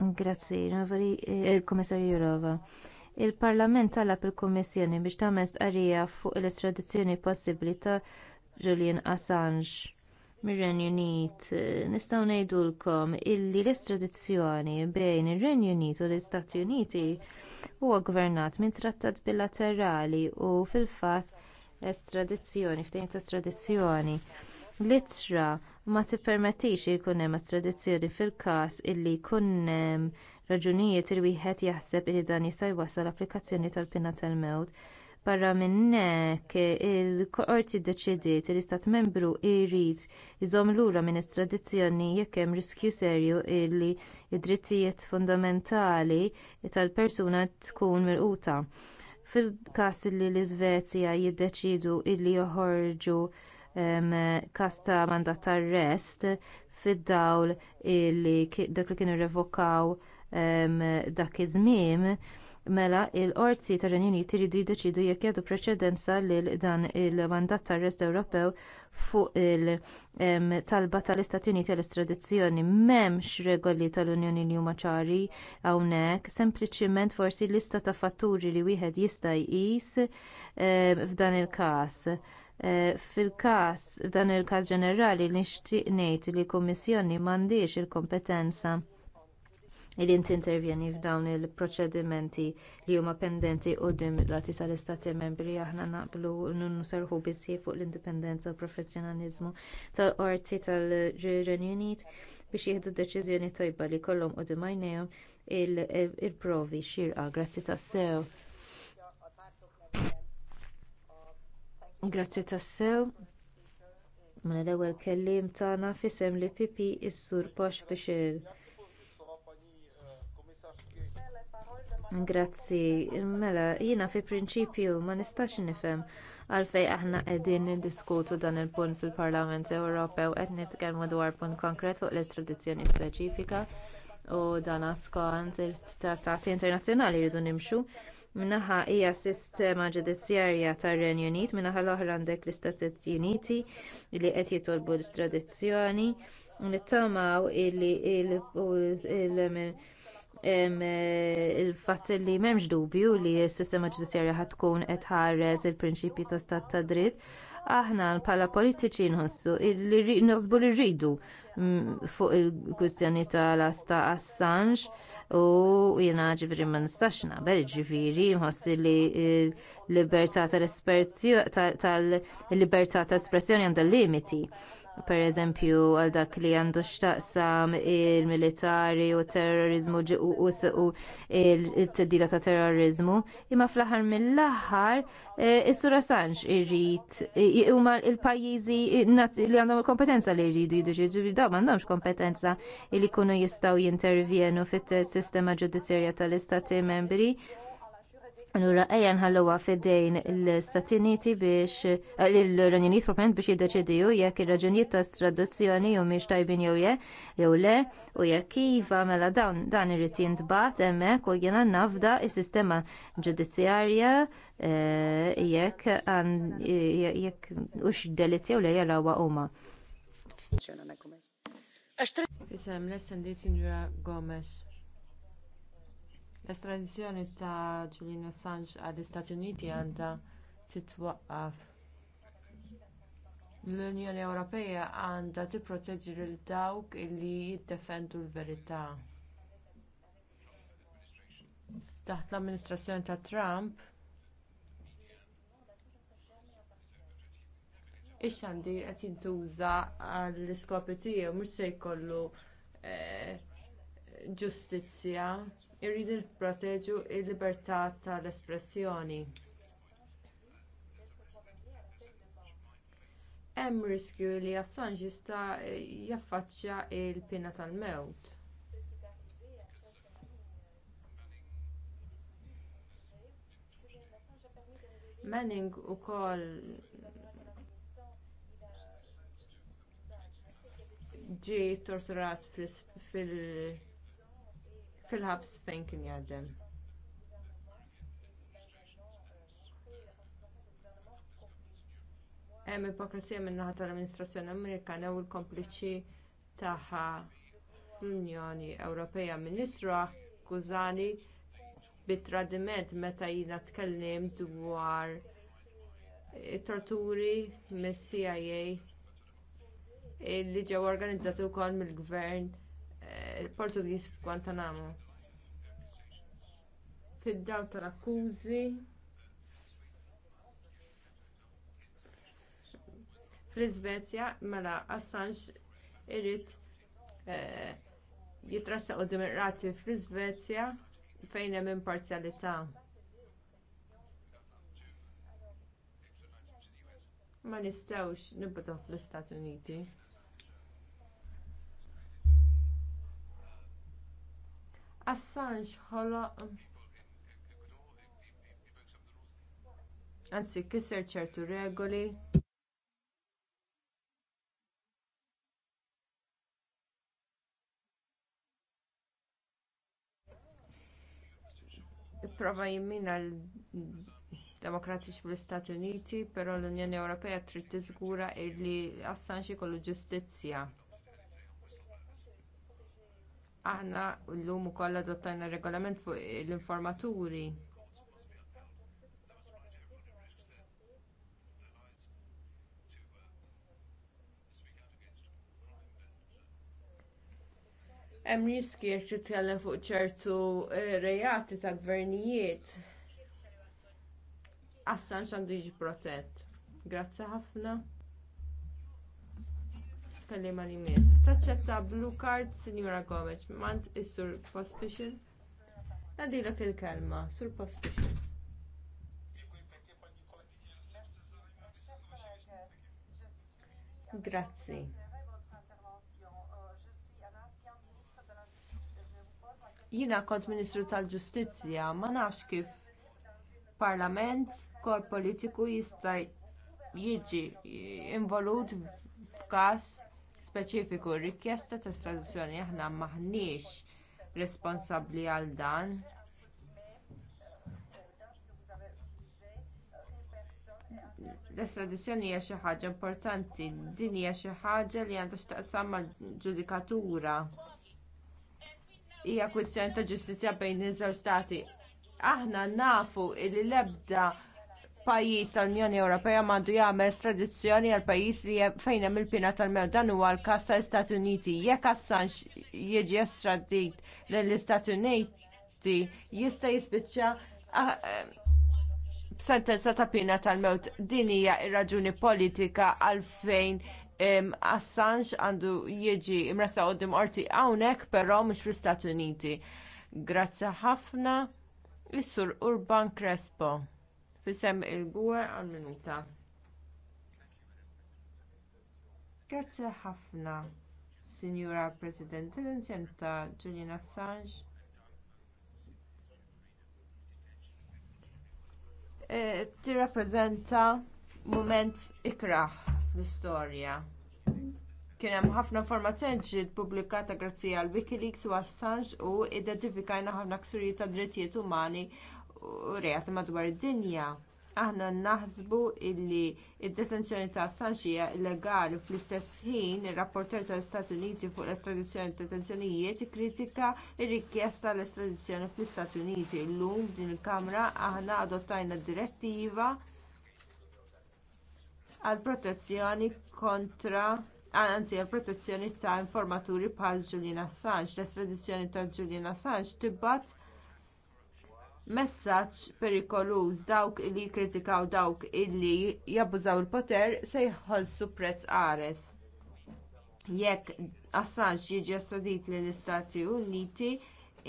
Grazzi, il-Komissarju eh, Jurova. Il-Parlament talab il-Kummissjoni biex tagħmel stqarrija fuq l-estradizzjoni possibbli ta' Julian Assange mir-Renju Unit. Eh, nistgħu ngħidulkom illi l-estradizzjoni bejn ir-Renju Unit u l-Istati Uniti huwa gvernat minn trattat bilaterali u fil-fatt estradizzjoni ftehim ta' estradizzjoni. l ma tippermettix li jkun hemm estradizzjoni fil-każ illi jkun hemm raġunijiet li wieħed jaħseb li dan jista' jwassal l-applikazzjoni tal-pena tal-mewt barra minn hekk il-qorti ddeċidiet li l-istat membru jrid iżomm lura minn estradizzjoni jekk hemm riskju serju li d-drittijiet fundamentali tal-persuna tkun milquta fil-każ li l-iżvezja jiddeċiedu li joħorġu każ ta' mandat ta' arrest fid-dawl li dak li kienu irrevokaw dak iż-żmiem mela l-qorti tar-Renju Unit iridu jiddeċidu jekk jagħtu preċedenza lil dan il-mandat ta' arrest Ewropew fuq il-talba tal-Istati Uniti għall-estradizzjoni m'hemmx regoli tal-Unjoni li huma ċari hawnhekk, sempliċiment forsi lista ta' fatturi li wieħed jista' jqis f'dan il-każ Eh, fil-każ f'dan il-każ ġenerali nixtieq ngħid li l-kummissjoni m'għandix il-kompetenza li inti intervjeni f'dawn il-proċedimenti li huma pendenti quddiem ir-rati tal-istati membri aħna naqblu nserħu bissieh fuq l-indipendenza u professjonaliżmu tal-qorti tal-Ġirien Unit biex jieħdu deċiżjoni tajba li jkollhom quddiem għajnejhom il-provi xierqa grazzi tas-sew. Grazzi tassew. Mela l-ewwel kelliem tagħna f'isem li pipi is-sur Posh Bixir. Grazzi, mela jiena fi prinċipju ma nistax nifhem għalfejn aħna qegħdin niddiskutu dan il-punt fil-Parlament Ewropew qed nitkellmu dwar punt konkret fuq l-tradizzjoni speċifika u dan skont il-trattati internazzjonali jridu nimxu. Minnaħa hija sistema ġudizzjarja tar-Renju Unit, minnaħa l-oħra għandek l-Istati Uniti li qed jitolbu l-istradizzjoni. Nittamaw illi il-fatt li m'hemmx dubju li s-sistema ġudizzjarja ħadd tkun qed ħares il-prinċipji ta' stat ta' dritt aħna bħala politiċi nħossu li naħsbu li rridu mm, fuq il-kwistjoni tal-asta Assange u jiena ġifiri ma nistax naqbel ġifiri nħossi li l-libertà tal-libertà tal-espressjoni għandha limiti pereżempju għal dak li għandu xtaqsam il-militari u terrorizmu u il-teddida ta' terrorizmu. Imma fl-aħħar mill-aħħar eh, is sura Sanx irrid huma l-pajjiżi li għandhom kompetenza li jridu li dawn m'għandhomx kompetenza li jkunu jistgħu jintervjenu fit-sistema ġudizzjarja tal-istati membri Allura ejja nħallowa fidejn l-Stati Uniti biex eh, l-Renju Unit propament biex jiddeċidiju jekk ir-raġunijiet ta' traduzzjoni mhumiex tajbin jew je jew le u jekk iva mela dawn dan irid jintbagħat hemmhekk u jiena nafda s-sistema ġudizzjarja eh, jekk eh, jekk hux delitt jew le jarawha huma. Fisem, l-essendi Signora Gomez l-estradizzjoni ta' Julian Assange għall-Istati Uniti għandha titwaqqaf. L-Unjoni Ewropea għandha tipproteġi lil dawk li jiddefendu l-verità. Taħt l-amministrazzjoni ta' Trump, ix-xandir qed jintuża għall-iskopi tiegħu mhux se jkollu eh, ġustizzja. Eh, irridu nipproteġu l-libertà tal-espressjoni hemm riskju li assange jista' jaffaċċja l-pena tal-mewt manning ukoll ġie ttorturat fil fil-ħabs fejn kien jgħaddem. Hemm ipokrisija min-naħa tal-Amministrazzjoni Amerikana u l-kompliċi tagħha fl-Unjoni Ewropea Ministru akkużani bit-tradiment meta jiena tkellim dwar it-torturi mis-CIA li ġew organizzati wkoll mill-gvern il-Portugis f'Guantanamo. Fid-daw tal-akkużi fl-Iżvezja mela Assange irrit eh, jitrassa u ir fl-Iżvezja fejn hemm imparzjalità. Ma nistgħux nibbadoh fl-Istati Uniti. Assange ħoloq anzi kisser ċertu regoli Ipprova jimmina l-demokratiċi fl-Istati Uniti, però l-Unjoni Ewropea trid tiżgura li Assange ikollu ġustizzja aħna llum ukoll adottajna regolament fuq l-informaturi hemm riski jekk titkellem fuq ċertu eh, rejati ta' gvernijiet Assanx għandu jiġi protett. Grazzi ħafna kelliem għal jmiss. Taċċetta blue card Sinjura Gomez b'mand is-sur Pospixil. Nadilek il-kelma, sur Pospixil. Grazzi. Jiena kont Ministru tal-Ġustizzja, ma nafx kif parlament, kor politiku jista' jiġi involut f'każ speċifiku r-rikjesta ta' estradizzjoni aħna maħniex responsabbli għal dan. L-estradizzjoni hija xi ħaġa importanti, din hija xi ħaġa li għandha x'taqsam mal-ġudikatura. Hija kwistjoni ta' ġustizzja bejn iż-żewġ stati aħna nafu li l-ebda pajjiż tal-Unjoni Ewropea m'għandu jagħmel estradizzjoni għal pajjiż li fejn hemm il-pina tal-mewt dan huwa l-każ tal-Istati Uniti. Jekk Assanx jiġi estradit lill-Istati Uniti jista' jispiċċa b'sentenza eh, ta' pina tal-mewt. Din hija r-raġuni politika għalfejn Assange għandu jiġi imressa quddiem qorti hawnhekk però mhux fl-Istati Uniti. Grazzi ħafna. Is-Sur Urban Crespo. Fisem il-gwe għal-minuta. Grazzi ħafna, Signora President, l-inzjem ta' Julian Assange. Eh, tirrappreżenta mument ikraħ fl-istorja. Kien hemm ħafna informazzjoni ġiet pubblikata grazzi għal Wikileaks u Assange u identifikajna ħafna ksurijiet ta' drittijiet umani u rejat madwar id-dinja. Aħna naħsbu illi id-detenzjoni ta' Assange hija illegali fl-istess ħin ir-rapporter tal-Istati Uniti fuq l-estradizzjoni detenzjonijiet ikkritika r-rikjesta tal estradizzjoni fl-Istati Uniti. llum din il-Kamra aħna adottajna direttiva għall protezzjoni kontra anzi għal protezzjoni ta' informaturi bħal Julian Assange. L-estradizzjoni ta' Julian Assange tibbat messaġġ perikoluż dawk li jikkritikaw dawk illi jabbużaw il-poter se jħallsu prezz qares jekk assange jiġi assodit lill-istati uniti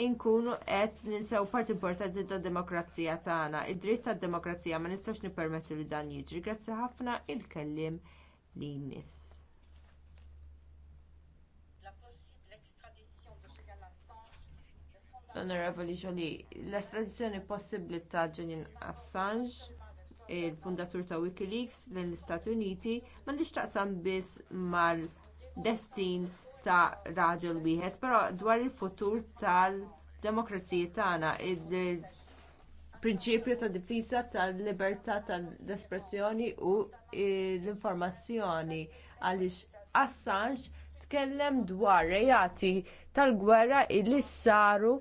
inkunu qed ninsew parti importanti tad-demokrazija tagħna id-dritt tad-demokrazija ma nistax nippermettu li dan jiġri grazzi ħafna il-kelliem li jmiss l-Onorevoli Jolie, l-estradizzjoni possibbli ta' Julian Assange, il-fundatur ta' Wikileaks lill-Istati Uniti, m'għandix taqsam biss mal-destin ta' raġel wieħed, però dwar il-futur tal-demokrazija tagħna, il-prinċipju ta' difisa tal-libertà tal-espressjoni u l-informazzjoni għaliex Assange tkellem dwar reati tal-gwerra illi saru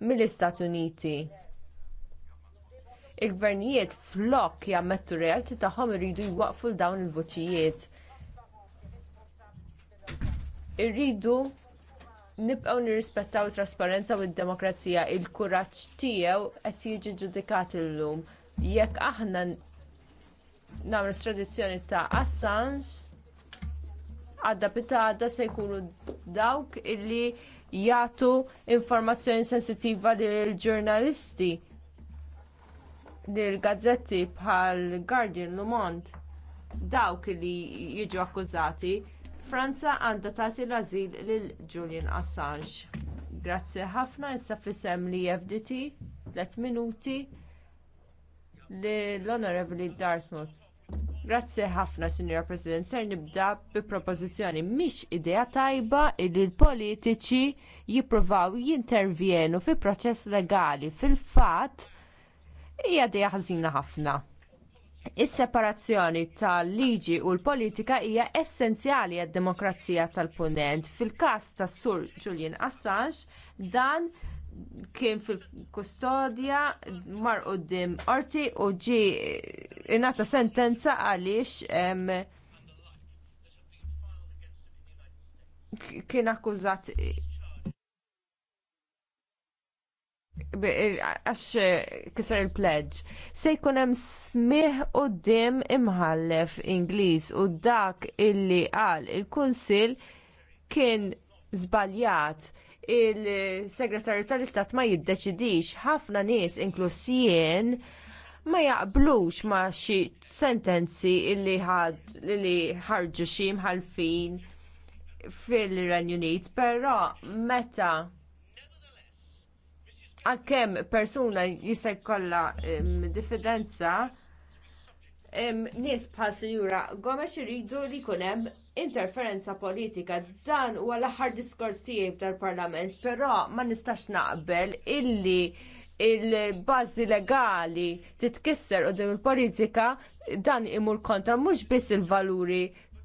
mill-Istati Uniti. Il-gvernijiet flok jammettu realti tagħhom iridu jwaqfu dawn il-voċijiet. Irridu nibqgħu nirrispettaw it trasparenza u d-demokrazija, il-kuraġġ tiegħu qed jiġi ġġudikat illum. Jekk aħna nagħmlu tradizzjoni ta' Assange, għadda bitta se jkunu dawk illi jagħtu informazzjoni sensittiva lill ġurnalisti lill gazzetti bħal Guardian Le Monde dawk li jiġu akkużati Franza għandha tagħti l-ażil lil Julian Assange. Grazzi ħafna issa fisem li FDT 3 minuti l-Honorable Dartmouth. Grazzi ħafna, Sinjora President. Ser nibda bi propożizzjoni mhix idea tajba li l-politiċi jippruvaw jintervjenu fi proċess legali fil-fatt hija dejja ħażina ħafna. Is-separazzjoni tal-liġi u l-politika hija essenzjali għad-demokrazija tal-punent. Fil-każ tas-Sur Julian Assange dan kien fil-kustodja mar qoddim qorti u ġi ingħata sentenza għaliex kien akkużat għax kisar il-pledge. Se jkun hemm smih quddiem imħallef Ingliż u dak illi qal il-Kunsill kien żbaljat il-segretarju tal-istat ma jiddeċidix ħafna nies inklusijen ma jaqblux ma xi sentenzi illi ħad li ħarġu xi mħalfin fil-Iran Unit, però meta għalkemm persuna jista' jkollha diffidenza nies bħal Sinjura Gomes iridu li jkun hemm interferenza politika dan huwa l-aħħar diskors tiegħi parlament però ma nistax naqbel illi il-bażi legali titkisser qudiem il-politika dan imur kontra mhux biss il-valuri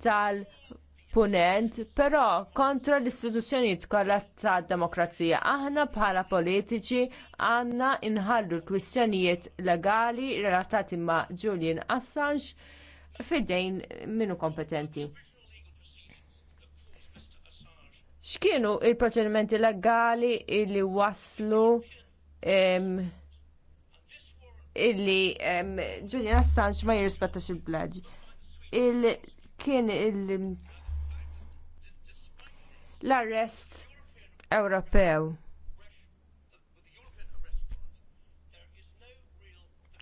tal-punent, però kontra l-istituzzjonijiet kollha tad-demokrazija. Aħna bħala politiċi għandna inħallu l-kwistjonijiet legali relatati ma' Julian Assange fidejn minu kompetenti x'kienu il-proċedimenti legali illi waslu um, illi um, Julian Assange ma jirrispettax il-pledge. Il kien il l-arrest Ewropew.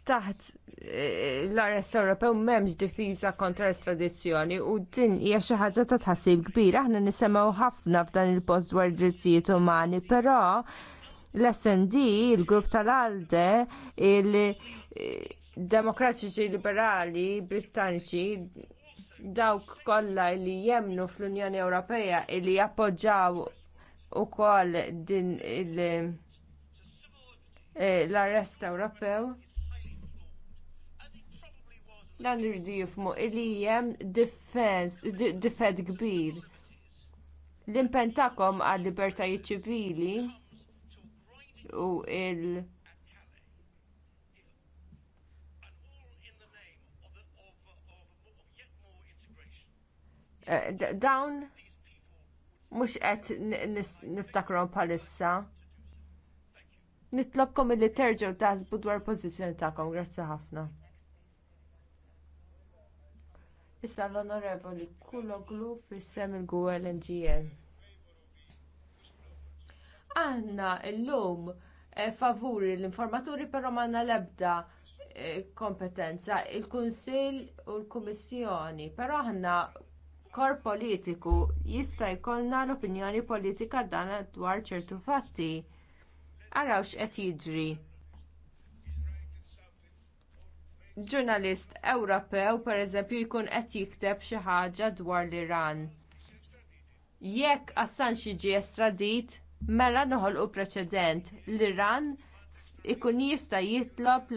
taħt eh, l-arrest Ewropew m'hemmx difiża kontra l-estradizzjoni u din hija xi ħaġa ta' tħassib kbir. Aħna nisemgħu ħafna f'dan il-post dwar drittijiet umani, però l-SND, il-grupp tal-ALDE, il-Demokratiċi eh, Liberali Brittaniċi dawk kollha li jemnu fl-Unjoni Ewropea li jappoġġaw ukoll din eh, l-arrest Ewropew Dan irridu jifmu li hemm difed kbir. L-impen tagħkom għal libertajiet ċivili u il- eh, dawn mhux qed niftakrom bħalissa. Nitlobkom illi terġgħu taħsbu dwar pożizzjoni tagħkom, grazzi ħafna. Issa l-Onorevoli Kuloglu fissem il-Gwell NGL. Aħna llum eh, favuri l-informaturi però m'għandna l-ebda eh, kompetenza il-Kunsill u l-Kummissjoni, però aħna kor politiku jista' jkollna l-opinjoni politika dan dwar ċertu fatti. Araw x'qed jiġri ġurnalist Ewropew pereżempju jkun qed jikteb xi ħaġa dwar l-Iran. Jekk xi jiġi estradit, mela noħolqu preċedent l-Iran ikun jista' jitlob